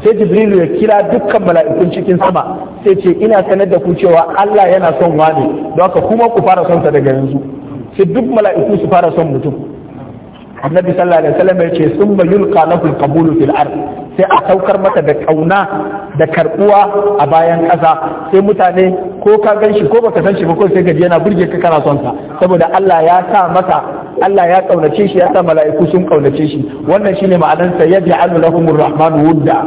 [SPEAKER 1] sai jibrilu ya kira dukkan mala'ikun cikin sama sai ce ina sanar da ku cewa Allah yana son wani don haka kuma ku fara son sa daga yanzu sai duk mala'iku su fara son mutum annabi sallallahu alaihi wasallam ya ce summa yulqa lahu alqabul fil ard sai a saukar mata da kauna da karbuwa a bayan kasa sai mutane ko ka ganshi ko baka san shi ba ko sai gaji yana burge ka kana son sa saboda Allah ya sa masa Allah ya kaunace shi ya sa mala'iku sun kaunace shi wannan shine ma'anar sa yaj'alu lahumur rahmanu wudda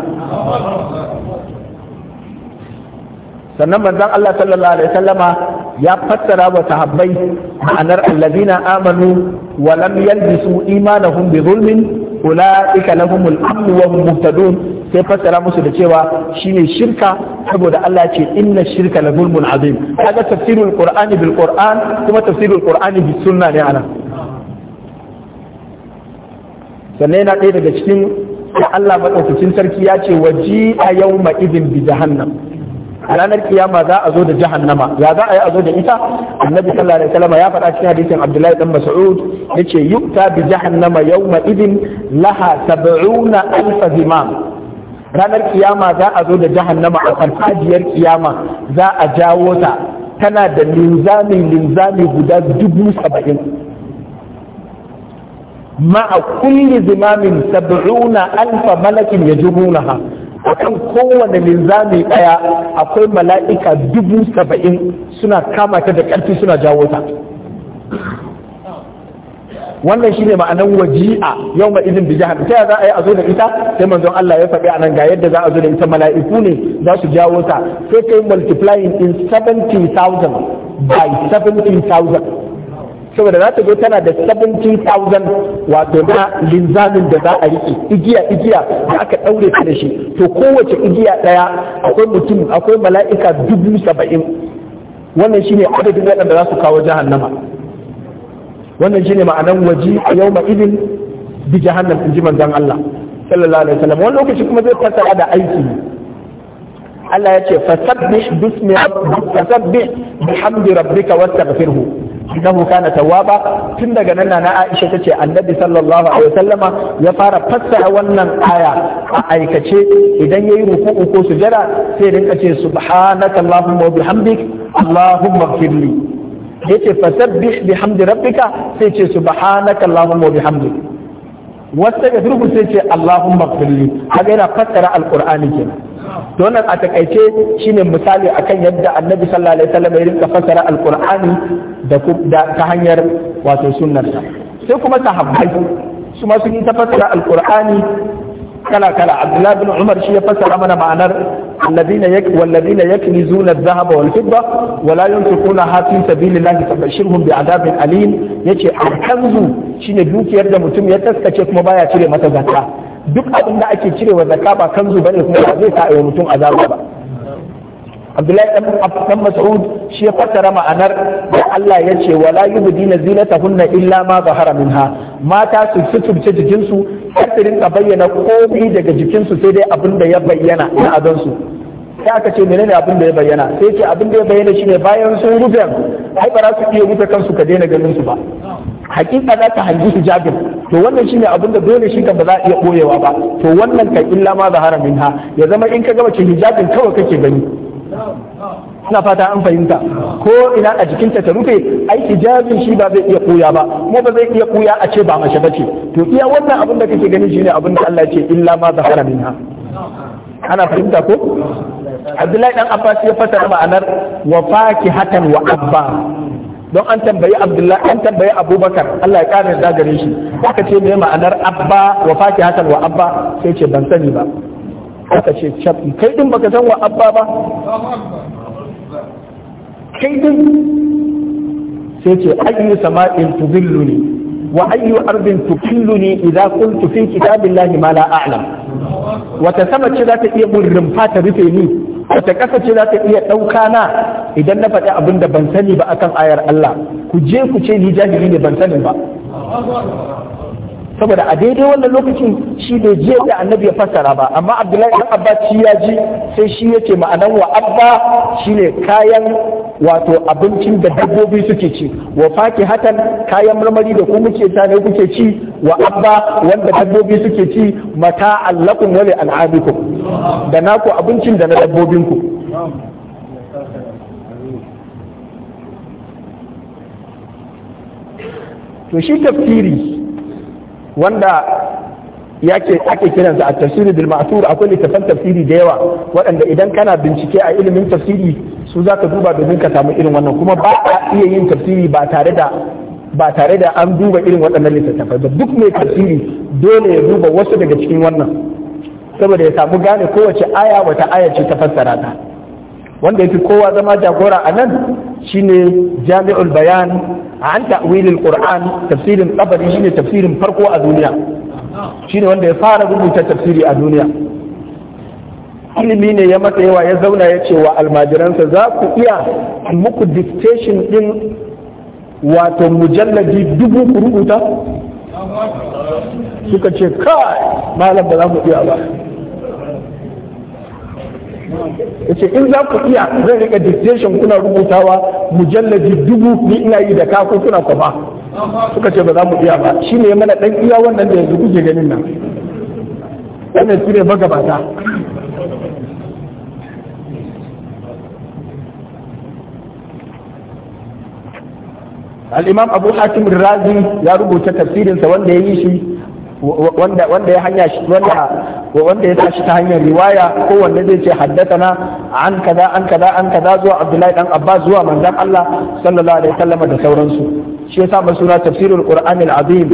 [SPEAKER 1] sannan manzon Allah sallallahu alaihi wasallama ya fassara wa sahabbai ma'anar allazina amanu wa lam yalbisu imanahum bi zulmin ulaika lahumul amn wa hum muhtadun sai fassara musu da cewa shine shirka saboda Allah ce inna shirka la zulmun azim kaga tafsirul qur'ani bil qur'an kuma tafsirul qur'ani bis sunna ne ana sannan yana ɗaya daga cikin da Allah maɗaukacin sarki ya ce waji a yau ma izin bi jahannam ranar kiyama za a zo da jahannama ya za a yi a zo da ita annabi sallallahu alaihi wasallam ya faɗa cikin hadisin abdullahi dan mas'ud yace yukta bi jahannama yawma idin laha 70 alf zimam ranar kiyama za a zo da jahannama a farfajiyar kiyama za a jawo ta tana da linzami linzami guda dubu saba'in ma'a kulli zimamin sab'una alfa malakin yajubunaha akan kowane linzami ɗaya akwai mala'ika dubu saba'in suna kama ta da ƙarfi suna jawo ta wannan shine ma'anar waji'a yau ma izin bija ta yaya za a yi a zo da ita sai manzon Allah ya faɗi a nan ga yadda za a zo da ita mala'iku ne za su jawo ta sai kai multiplying in 70,000 by 70,000 saboda za ta zo tana da 17,000 wato na linzamin da za a riƙe igiya igiya da aka ɗaure ta da shi to kowace igiya ɗaya akwai mutum akwai mala'ika dubu saba'in wannan shine adadin waɗanda za su kawo jahannama wannan shine ma'anan waji a yau ma bi jahannam in ji manzon Allah sallallahu alaihi wasallam wani lokaci kuma zai fassara da aiki Allah ya ce fasabbih bismi rabbika fasabbih bihamdi rabbika wastaghfirhu innahu kana tawwaba tun daga nan na Aisha tace Annabi sallallahu alaihi wasallama ya fara fassara wannan aya a aikace idan yayi ruku'u ko sujada sai rinka ce subhanaka allahumma wa bihamdik allahumma ighfirli yace fasabbih bihamdi rabbika sai ce subhanaka allahumma wa bihamdik wasta ga sai ce allahumma ighfirli haka yana fassara alqur'ani kenan Donan a takaice shine misali akan yadda annabi sallallahu alaihi wasallam ya rinka fasara alqur'ani da ta hanyar wato sa sai kuma sahabbai su ma sun yi ta fasara alqur'ani kala kala abdullah bin umar shi ya fasara mana ma'anar alladhina yak walladina yaknizuna adh-dhahaba wal fidda wa la yunfiquna fi sabilillahi fabashirhum bi'adabin alim yace al-kanzu shine dukiyar da mutum ya taskace kuma baya cire mata zakka duk abin da ake cirewa zakka ba kanzu bane kuma ba zai sa wa mutum azaba ba Abdullahi ibn Mas'ud shi ya fassara ma'anar da Allah ya ce wala yubdina zinatahunna illa ma zahara minha mata su suturce jikinsu kar su ka bayyana komai daga jikinsu sai dai abin da ya bayyana na adon su sai aka ce menene abin da ya bayyana sai ce abin da ya bayyana shine bayan sun rufe ai ba su iya rufe kansu ka daina ganin su ba hakika za ka hangi hijabin to wannan shine abin da dole shi kan ba za a iya boyewa ba to wannan ka illa ma zahara minha ya zama in ka gama ce hijabin kawai kake gani ina fata an fahimta ko ina a jikinta ta rufe ai hijabin shi ba zai iya koya ba kuma ba zai iya koya a ce ba mace bace to iya wannan abin da kake gani shine abin da Allah ya ce illa ma zahara minha ana fahimta ko abdullahi dan abbas ya fasara ma'anar wa hatan wa abba don an tambayi abdullahi an tambayi abubakar Allah ya kare da gare shi aka ce me ma'anar abba wa hatan wa abba sai ce ban sani ba aka ce kai din baka san wa abba ba kai din sai ce ayyu sama'in tudilluni wa ayyu ardin tukilluni idza qultu fi kitabillahi ma la a'lam wata sama ce za ta iya mun rumfa ta rufe ni wata ƙasa ce za ta iya ɗauka na idan na faɗi abin da ban sani ba akan ayar Allah ku je ku ce ni jahili ne ban sanin ba saboda a daidai wannan lokacin shi bai je da annabi ya fassara ba amma abdullahi ibn Abba shi ya ji sai shi yake ma'anar wa abba shine kayan wato abincin da dabbobi suke ci wa hatan kayan marmari da ku muke ta ne kuke ci wa abba wanda dabbobi suke ci mata allakum wa li da naku abincin da na dabbobinku to shi tafsiri wanda yake ake kiransa a tafsiri bil ma'thur akwai littafan tafsiri da yawa waɗanda idan kana bincike a ilimin tafsiri su za ka duba domin ka samu irin wannan kuma ba a iya yin tafsiri ba tare da ba tare da an duba irin waɗannan littattafai ba duk mai tafsiri dole ya duba wasu daga cikin wannan saboda ya samu gane kowace aya wata aya ce ta fassara ta wanda ya fi kowa zama jagora a nan shine jami'ul bayan an ta'wilil qur'an tafsirin qabari shine tafsirin farko a duniya shine wanda ya fara rubuta tafsiri a duniya ilimi ne ya mata yawa ya zauna ya ce wa almajiransa za ku iya muku dictation din wato mujalladi dubu ku rubuta
[SPEAKER 2] suka ce kai malam ba za mu iya ba yace in za ku
[SPEAKER 1] iya zan rika dictation kuna rubutawa mujalladi dubu ni ina yi da ka ko kuna kwaba
[SPEAKER 2] suka ce ba za mu iya ba shine
[SPEAKER 1] mana dan iya wannan da yanzu kuke ganin nan wannan shine magabata al-imam abu hatim razi ya rubuta tafsirinsa wanda ya yi shi wanda wanda ya hanya shi wanda wanda ya tashi ta hanyar riwaya kowanne zai ce haddathana an kaza an kaza an kaza zuwa Abdullahi dan Abbas zuwa manzon Allah sallallahu alaihi wasallam da sauransu shi yasa ba suna tafsirul Qur'an al-Azim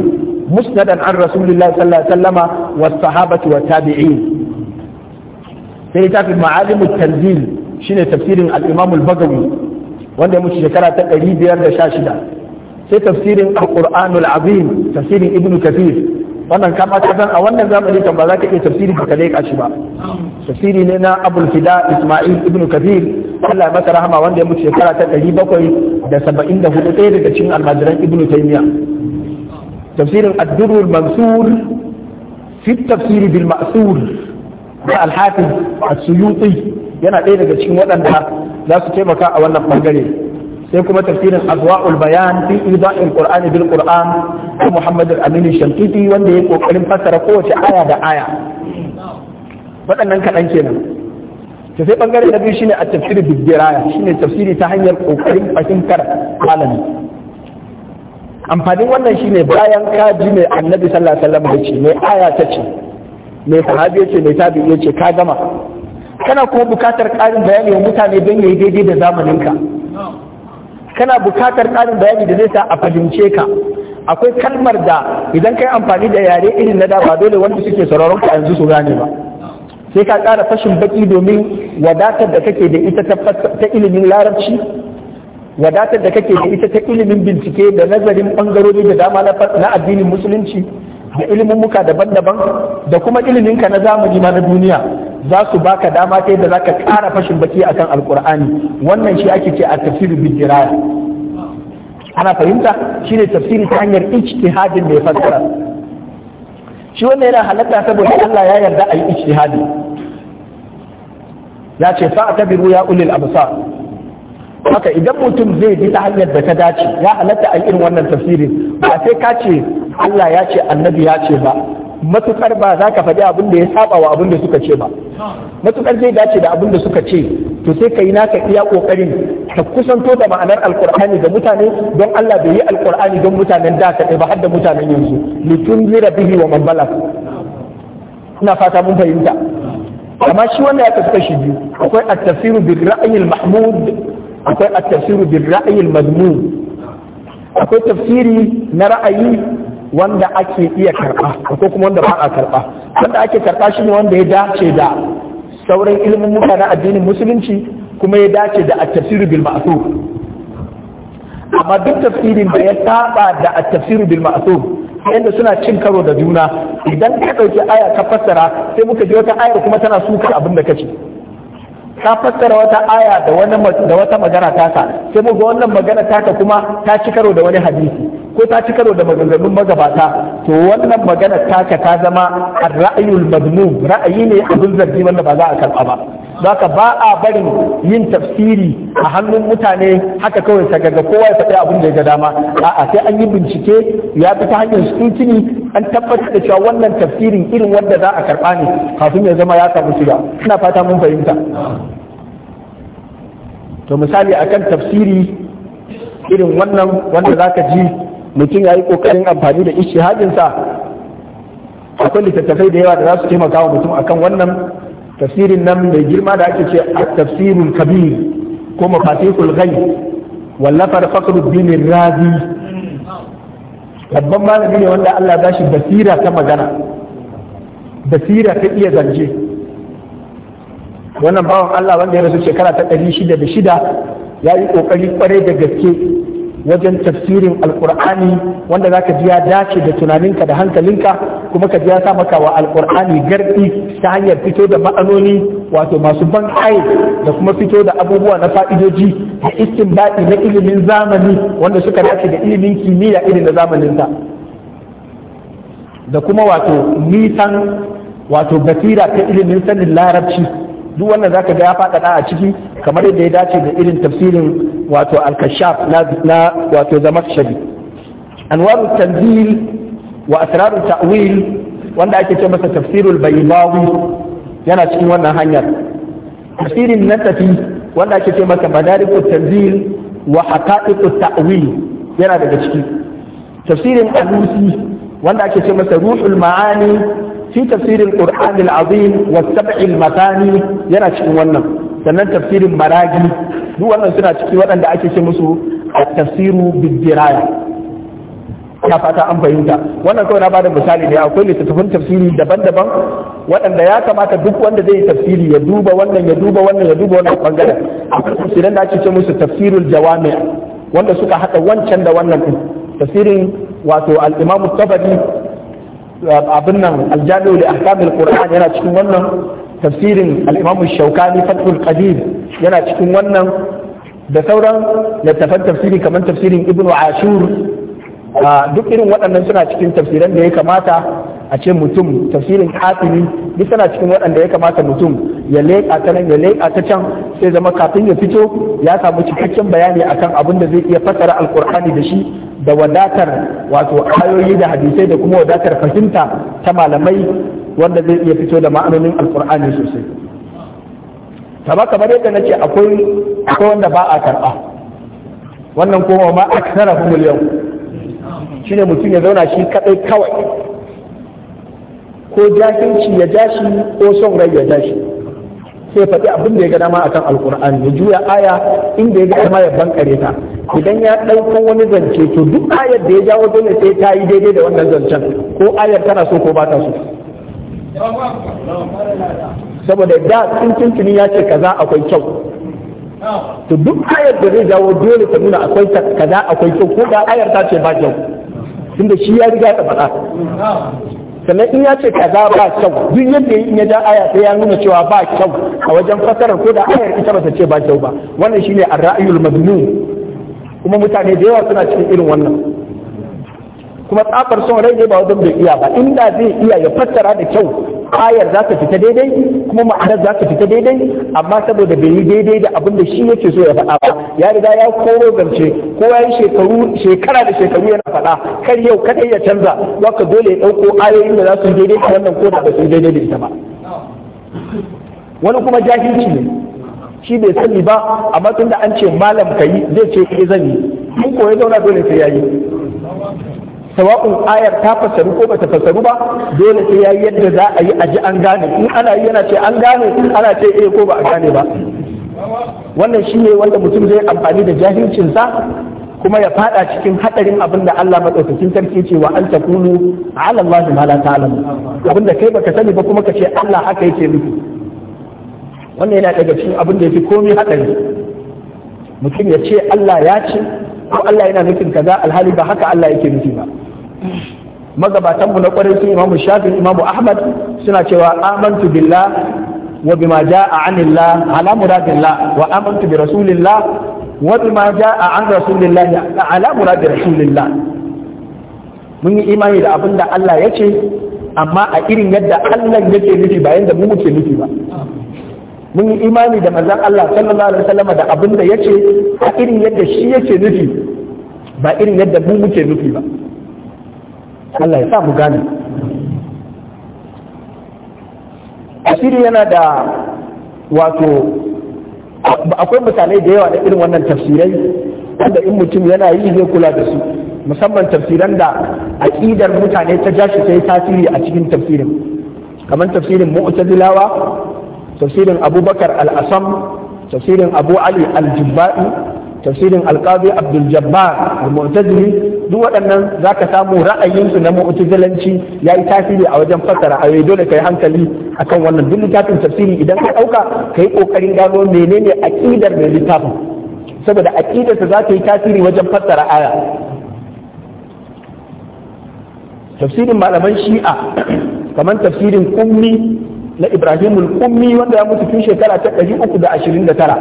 [SPEAKER 1] musnadan an Rasulillah sallallahu alaihi wasallama was sahabati wa tabi'in sai ta fi ma'alim tanzil shine tafsirin al-Imam al-Bagawi wanda ya mutu shekara ta 516 sai tafsirin al-Qur'an al-Azim tafsirin Ibn Kathir wannan kama kasan a wannan zamani kan ba za ka iya tafsiri ka leƙa kashi ba tafsiri ne na abul fida isma'il ibnu kabir Allah masa rahama wanda ya mutu shekara ta ɗari bakwai da saba'in da hudu ɗaya daga cikin almajiran ibnu taymiya tafsirin addurul mansur fi tafsiri bil ma'sur da al-hafiz as-suyuti yana ɗaya daga cikin waɗanda za su taimaka a wannan bangare sai kuma tafsirin adwa'ul bayan fi ida'il qur'ani bil qur'an ko Muhammad al-Amin Shantiti wanda yake kokarin fassara kowace aya da aya waɗannan kaɗan kenan to sai bangare na biyu shine a tafsir bil shine tafsiri ta hanyar kokarin fahimtar malami amfanin wannan shine bayan ka ji mai annabi sallallahu alaihi wasallam ce mai aya ta ce mai sahabi ya ce mai tabi'i ya ce ka gama kana kuma bukatar ƙarin bayani wa mutane don yayi daidai da zamaninka kana bukatar ƙarin bayani da zai sa a fahimce ka akwai kalmar da idan kai amfani da yare irin na da ba dole wanda suke sauraron ka yanzu su gane ba sai ka ƙara fashin baki domin wadatar da kake da ita ta ilimin larabci wadatar da kake da ita ta ilimin bincike da nazarin bangarori da dama na addinin musulunci da ilimin muka daban-daban da kuma ilimin ka na zamani ma na duniya za su baka dama ta za zaka ƙara fashin baki akan alkur'ani wannan shi ake ce a tafsirin bijiraya ana fahimta shine tafsiri ta hanyar ijtihadin da ya fassara shi wannan yana halatta saboda Allah ya yarda a yi ijtihadi ya ce fa ya ulil absar haka idan mutum zai bi ta hanyar da ta dace ya halatta a irin wannan tafsirin ba sai ka ce Allah ya ce annabi ya ce ba matukar ba za ka faɗi abin da ya saba wa abin da suka ce ba matukar zai dace da abin da suka ce to sai kai yi naka iya kokarin ka kusanto da ma'anar alkur'ani ga mutane don Allah bai yi alkur'ani don mutanen da kaɗai ba har da mutanen yanzu litun lira bihi wa Mambala. ina fata mun fahimta amma shi wanda ya kasu shi biyu akwai at-tafsiru bil mahmud akwai at-tafsiru bil ra'yi akwai tafsiri na ra'ayi wanda ake iya karɓa ko kuma wanda ba a karɓa wanda ake karɓa shi ne wanda ya dace da sauran ilimin muka na addinin musulunci kuma ya dace da at-tafsir bil amma duk tafsirin da ya saba da a tafsir bil ma'thur suna cin karo da juna idan ka ɗauki aya ka fassara sai muka ji wata ayar kuma tana suka abin da kace ka fassara wata aya da wani da wata magana taka sai mu wannan magana taka kuma ta ci karo da wani hadisi ko ta ci karo da maganganun magabata to wannan magana taka ta zama ar-ra'yul madmum ra'ayi ne abin zargi wanda ba za a karba ba Zaka ba a barin yin tafsiri a hannun mutane haka kawai ga kowa ya faɗi abin da ya ga dama a'a sai an yi bincike ya fi ta hanyar scrutiny an tabbatar da cewa wannan tafsirin irin wanda za a karɓa ne kafin ya zama ya samu shiga ina fata mun fahimta to misali akan tafsiri irin wannan wanda zaka ji mutum ya yi kokarin amfani da ishihadinsa akwai littattafai da yawa da za su taimaka wa mutum akan wannan tafsirin nan mai girma da ake ce a tafsirin kabir ko mafatihul gani wallafar fakhruddin razi babban malami ne wanda Allah za shi basira ta magana basira ta iya zance wannan bawan Allah wanda ya rasu shekara ta ɗari shida shida ya yi ƙoƙari kwarai da gaske wajen tafsirin alkur'ani wanda za ka ji ya dace da tunaninka da hankalinka kuma ka ji ya maka wa alkur'ani gardi ta hanyar fito da ma'anoni wato masu ban kai da kuma fito da abubuwa na fa'idoji da istinbati na ilimin zamani wanda suka dace da ilimin kimiyya irin na zamanin da kuma wato nisan wato basira ta ilimin sanin larabci duk wannan zaka ga ya faɗaɗa a ciki kamar yadda ya dace da irin tafsirin wato Alkashaf kashaf na wato shari anwarut tanzil wa asrarut ta'wil wanda ake ce masa tafsirul baydawi yana cikin wannan hanyar tafsirin nasafi wanda ake ce masa madarikut tanzil wa haqa'iqut ta'wil yana daga ciki tafsirin alusi wanda ake ce masa ruhul ma'ani fi tafsirin qur'anil azim wa sab'il matani yana cikin wannan sannan tafsirin maragi duk wannan suna ciki waɗanda ake ce musu a tafsiru bidiraya ya fata an fahimta wannan kawai na bada misali ne akwai littattafan tafsiri daban-daban waɗanda ya kamata duk wanda zai yi tafsiri ya duba wannan ya duba wannan ya duba wannan bangaren akwai tafsirin da ake ce musu tafsirul jawami wanda suka haɗa wancan da wannan din tafsirin wato al-imamu tabari abin nan aljami'u li ahkamil qur'an yana cikin wannan tafsirin al-imam shaukani fatul qadir yana cikin wannan da sauran littafan tafsiri kamar tafsirin ibnu ashur duk irin waɗannan suna cikin tafsiran da ya kamata a ce mutum tafsirin katini duk suna cikin waɗanda ya kamata mutum ya leƙa ta nan ya leƙa ta can sai zama kafin ya fito ya samu cikakken bayani akan abin da zai iya fassara alkur'ani da shi da wadatar wato ayoyi da hadisai da kuma wadatar fahimta ta malamai wanda zai iya fito da ma'anonin alkur'ani sosai kamar kamar yadda na ce akwai akwai wanda ba a karɓa wannan kuma ma a kasara kuma yau shi ne mutum ya zauna shi kaɗai kawai ko jahilci ya ja shi ko son rai ya ja shi sai faɗi abin da ya ga dama akan alkur'ani ya juya aya inda ya ga dama ya bankare ta idan ya ɗauko wani zance to duk ayar da ya jawo dole sai ta yi daidai da wannan zancen ko ayar tana so ko ba ta so saboda da tuni ya ce kaza akwai kyau to duk ayar da zai jawo dole ta nuna akwai kaza akwai kyau ko da ayar ta ce ba kyau tunda shi ya riga ta faɗa sannan in ya ce kaza ba kyau duk yadda in ya ja aya sai ya nuna cewa ba kyau a wajen fasarar ko da ayar ita ba ta ce ba kyau ba wannan shine a rayul madnun kuma mutane da yawa suna cikin irin wannan kuma tsafar son rai ne ba wajen bai iya ba inda zai iya ya fassara da kyau ayar za ta fita daidai kuma ma'anar za ta fita daidai amma saboda bai yi daidai da abin da shi yake so ya faɗa ba ya riga ya koro zance ko ya yi shekaru shekara da shekaru yana faɗa kar yau kadai ya canza waka dole ya ɗauko ayoyin da za su daidai a wannan ko da ba su daidai da ita ba wani kuma jahilci ne shi bai sani ba amma tun da an ce malam ka yi zai ce ke eh zani mun koyi zauna dole sai ya yi sawa'un ayar ta fasaru ko bata fasaru ba dole sai yayi yadda za a yi a ji an gane in ana yi yana ce an gane ana ce eh ko ba a gane ba wannan shine wanda mutum zai amfani da jahilcinsa kuma ya fada cikin hadarin abin da Allah madaukakin sarki ce wa an takulu ala Allah ma la ta'lamu abin da kai baka sani ba kuma ka ce Allah haka yake miki wannan yana daga cikin abin da yafi komai hadari mutum ya ce Allah ya ce ko Allah yana nufin kaza alhali ba haka Allah yake nufi ba magabatanmu na kwarai su imamu shafin imamu ahmad suna cewa amantu billah wa bima ja'a anillah ala muradillah wa amantu bi rasulillah wa bima ja'a an rasulillah ala muradi rasulillah mun yi imani da abin da Allah ya ce amma a irin yadda Allah yake nufi ba yadda mu muke nufi ba mun yi imani da manzon Allah sallallahu alaihi wasallam da abin da ya ce a irin yadda shi yake nufi ba irin yadda mu muke nufi ba Allah ya sa mu asiri yana da wato akwai misalai da yawa da irin wannan tafsirai wanda in mutum yana yi zai kula da su musamman tafsiran da aƙidar mutane ta jashi ta yi tasiri a cikin tafsirin kamar tafsirin mu'tazilawa tafsirin abubakar al-asam tafsirin abu ali al-jibba'i tafsirin alqazi abdul jabbar al-mu'tazili duk waɗannan zaka samu ra'ayinsu na mu'tazilanci yayi tasiri a wajen fassara ayoyi dole ka yi hankali akan wannan duk littafin tafsiri idan ka ɗauka ka yi kokarin gano menene aqidar mai littafin saboda aƙidarsa za ta yi tasiri wajen fassara aya tafsirin malaman shi'a kamar tafsirin kummi na ibrahim kummi wanda ya mutu tun shekara da tara.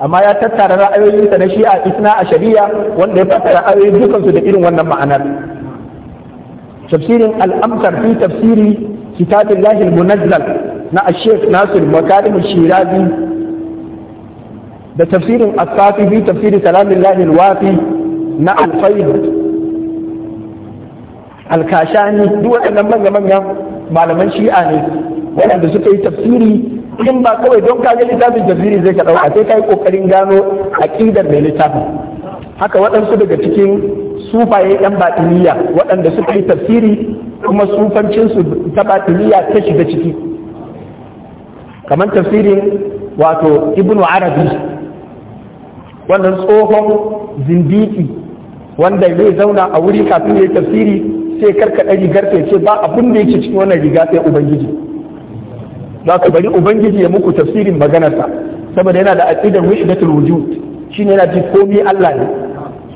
[SPEAKER 1] amma ya tattara ra'ayoyinsa na shi'a isna a shari'a wanda ya fassara ra'ayoyin dukansu da irin wannan ma'anar tafsirin al'amsar fi tafsiri kitabin lahil munazzal na ashef nasir makarim shirazi da tafsirin asafi fi tafsiri salamin lahil wafi na alfaid alkashani duk waɗannan manya-manyan malaman shi'a ne waɗanda suka yi tafsiri in ba kawai don kaga littafin jaziri zai ka dauka sai kai ƙoƙarin gano aqidar mai littafin haka waɗansu daga cikin sufaye yan batiniya waɗanda suka yi tafsiri kuma sufancinsu ta batiniya ta shiga ciki kamar tafsirin wato ibnu arabi wannan tsohon zindiki wanda zai zauna a wuri kafin ya yi tafsiri sai karkaɗa rigar ce ba abin da yake cikin wannan riga sai ubangiji za ka bari ubangiji ya muku tafsirin maganarsa saboda yana da aqidar wahdatul wujud shine yana ji komai Allah ne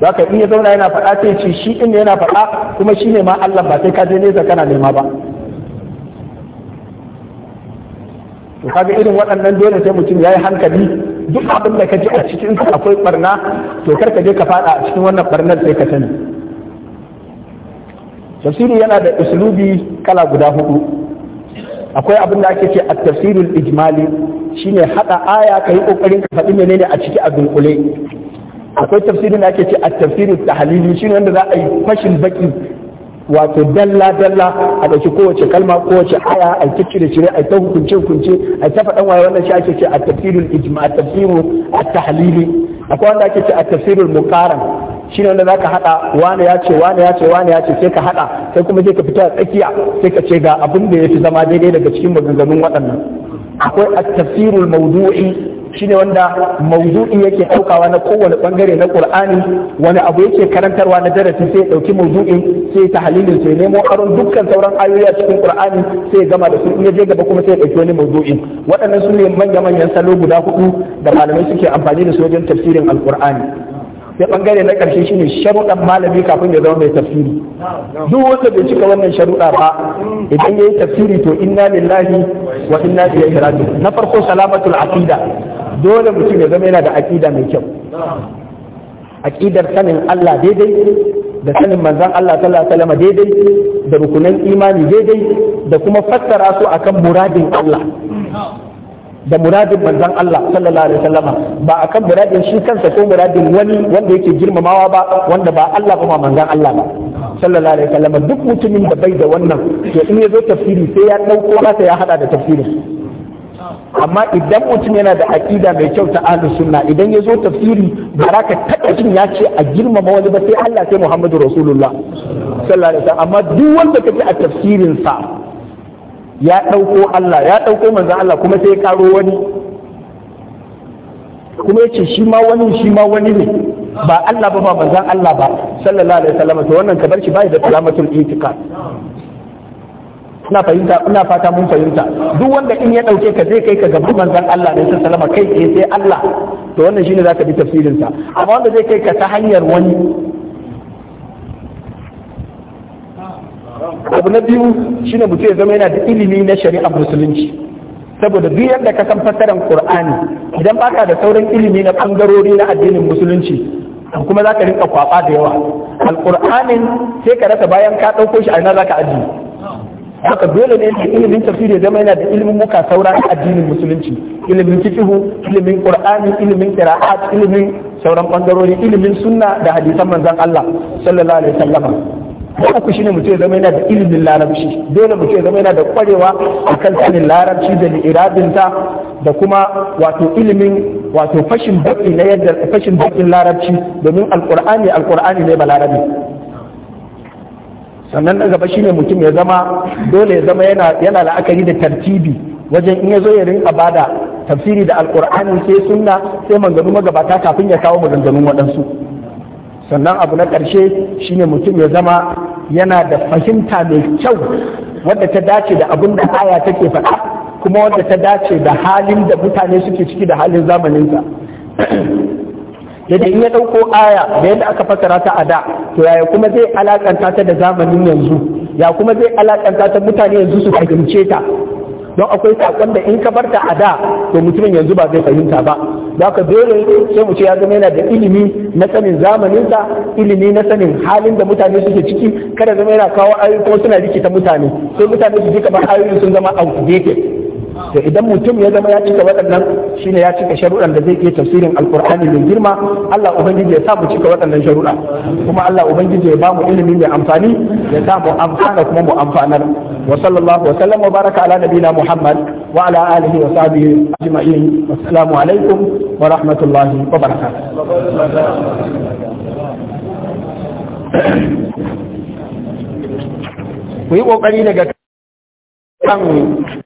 [SPEAKER 1] za ka ya zauna yana faɗa sai ce shi inda yana faɗa kuma shine ma Allah ba sai ka je nesa kana nema ba to kaga irin waɗannan dole sai mutum yayi hankali duk abin da ka ji a cikin akwai barna to kar ka je ka faɗa a cikin wannan barnar sai ka sani tafsiri yana da uslubi kala guda hudu akwai abin da ake ce a tafsirul ijmali shine hada aya kai kokarin ka faɗi menene a ciki a dunkule akwai tafsirin da ake ce a tafsirul tahlili shine wanda za a yi fashin baki wato dalla dalla a ɗauki kowace kalma kowace aya a ta cire cire a ta hukunce hukunce a ta faɗan waye wannan shi ake ce a tafsirul ijma a tafsiru a akwai wanda ake ce a tafsirul muqaran ne wanda za ka haɗa, wani ya ce wani ya ce wani ya ce sai ka haɗa, sai kuma sai ka fita tsakiya sai ka ce ga abin da ya fi zama daidai daga cikin maganganun waɗannan akwai a tafsirul mawdu'i ne wanda mawdu'i yake ɗaukawa na kowane ɓangare na ƙur'ani, wani abu yake karantarwa na darasi sai ya ɗauki mawdu'in sai ta halilin sai nemo aron dukkan sauran ayoyi a cikin ƙurani sai ya gama da su in ya je gaba kuma sai ya ɗauki wani mawdu'in waɗannan su ne manya-manyan salo guda hudu da malamai suke amfani da su wajen tafsirin alƙur'ani sai bangare na karshe shine sharuɗan malami kafin ya zama mai tafsiri duk wanda bai cika wannan sharuɗa ba idan yayi tafsiri to inna lillahi wa inna ilaihi raji'un na farko salamatul aqida dole mutum ya zama yana da aqida mai kyau aqidar sanin Allah daidai da sanin manzon Allah sallallahu alaihi wasallam daidai da rukunan imani daidai da kuma fassara su akan muradin Allah da muradin manzon Allah sallallahu alaihi wasallama ba akan muradin shi kansa ko muradin wani wanda yake girmamawa ba wanda ba Allah ba manzon Allah ba sallallahu alaihi wasallama duk mutumin da bai da wannan to in ya zo tafsiri sai ya dauko masa ya hada da tafsirin amma idan mutum yana da aƙida mai kyau ta ahlus sunna idan ya zo tafsiri ba za ka taɓa jin ya ce a girmama wani ba sai Allah sai Muhammadu Rasulullah sallallahu alaihi wasallam amma duk wanda kake a tafsirin sa ya ɗauko Allah ya ɗauko manzan Allah kuma sai ya karo wani kuma ya ce shi ma wani shi ma wani ne ba Allah ba ba manzan Allah ba sallallahu alaihi wasallam to wannan kabar shi bai da salamatul itika ina fahimta ina fata mun fahimta duk wanda in ya dauke ka zai kai ka gaban manzan Allah ne sallallahu alaihi kai sai Allah to wannan shine zaka bi tafsirin sa amma wanda zai kai ka ta hanyar wani abu na biyu shine mutum ya zama yana da ilimi na shari'ar musulunci saboda duk yadda ka san fassarar qur'ani idan baka da sauran ilimi na bangarori na addinin musulunci kuma za ka rinka kwaba da yawa alqur'anin sai ka rasa bayan ka ɗauko shi a ina za ka aji. haka dole ne da ilimin tafsiri zama yana da ilimin muka sauran addinin musulunci ilimin fiqhu ilimin qur'ani ilimin qira'at ilimin sauran bangarori ilimin sunna da hadisan manzon Allah sallallahu alaihi wasallam na uku shine mutum ya zama yana da ilimin larabci dole mutum ya zama yana da kwarewa a kan sanin larabci da irabinta da kuma wato ilimin wato fashin baki na yadda fashin bakin larabci domin alqur'ani alqur'ani ne ba larabi sannan na gaba shine mutum ya zama dole ya zama yana la'akari da tartibi wajen in ya zo ya rinka bada tafsiri da alqur'ani sai sunna sai manganu magabata kafin ya kawo maganganun waɗansu sannan abu na ƙarshe shine mutum ya zama yana da fahimta mai kyau wadda ta dace da abin da aya take faɗa kuma wadda ta dace da halin da mutane suke ciki da halin zamaninsa yadda in ya ɗauko aya da yadda aka fasara ta a da to yaya kuma zai alakanta ta da zamanin yanzu ya kuma zai alakanta ta mutane yanzu su fahimce ta don akwai sakon da in ka barta a da to mutumin yanzu ba zai fahimta ba da haka dole sai mu ce ya zama yana da ilimi na sanin zamaninsa ilimi na sanin halin da mutane suke ciki kada zama yana kawo ayoyi suna rikita mutane sai mutane su ji kamar ayoyin sun zama outdated to idan mutum ya zama ya cika waɗannan shine ya cika sharuɗan da zai iya tafsirin alkur'ani mai girma Allah ubangiji ya sa mu cika waɗannan sharuɗa kuma Allah ubangiji ya ba mu ilimi mai amfani ya sa mu amfana kuma mu amfanar wa sallallahu wa sallam wa baraka ala nabina Muhammad wa ala alihi wa sahbihi ajma'in assalamu alaikum wa rahmatullahi wa barakatuh ku yi kokari daga kan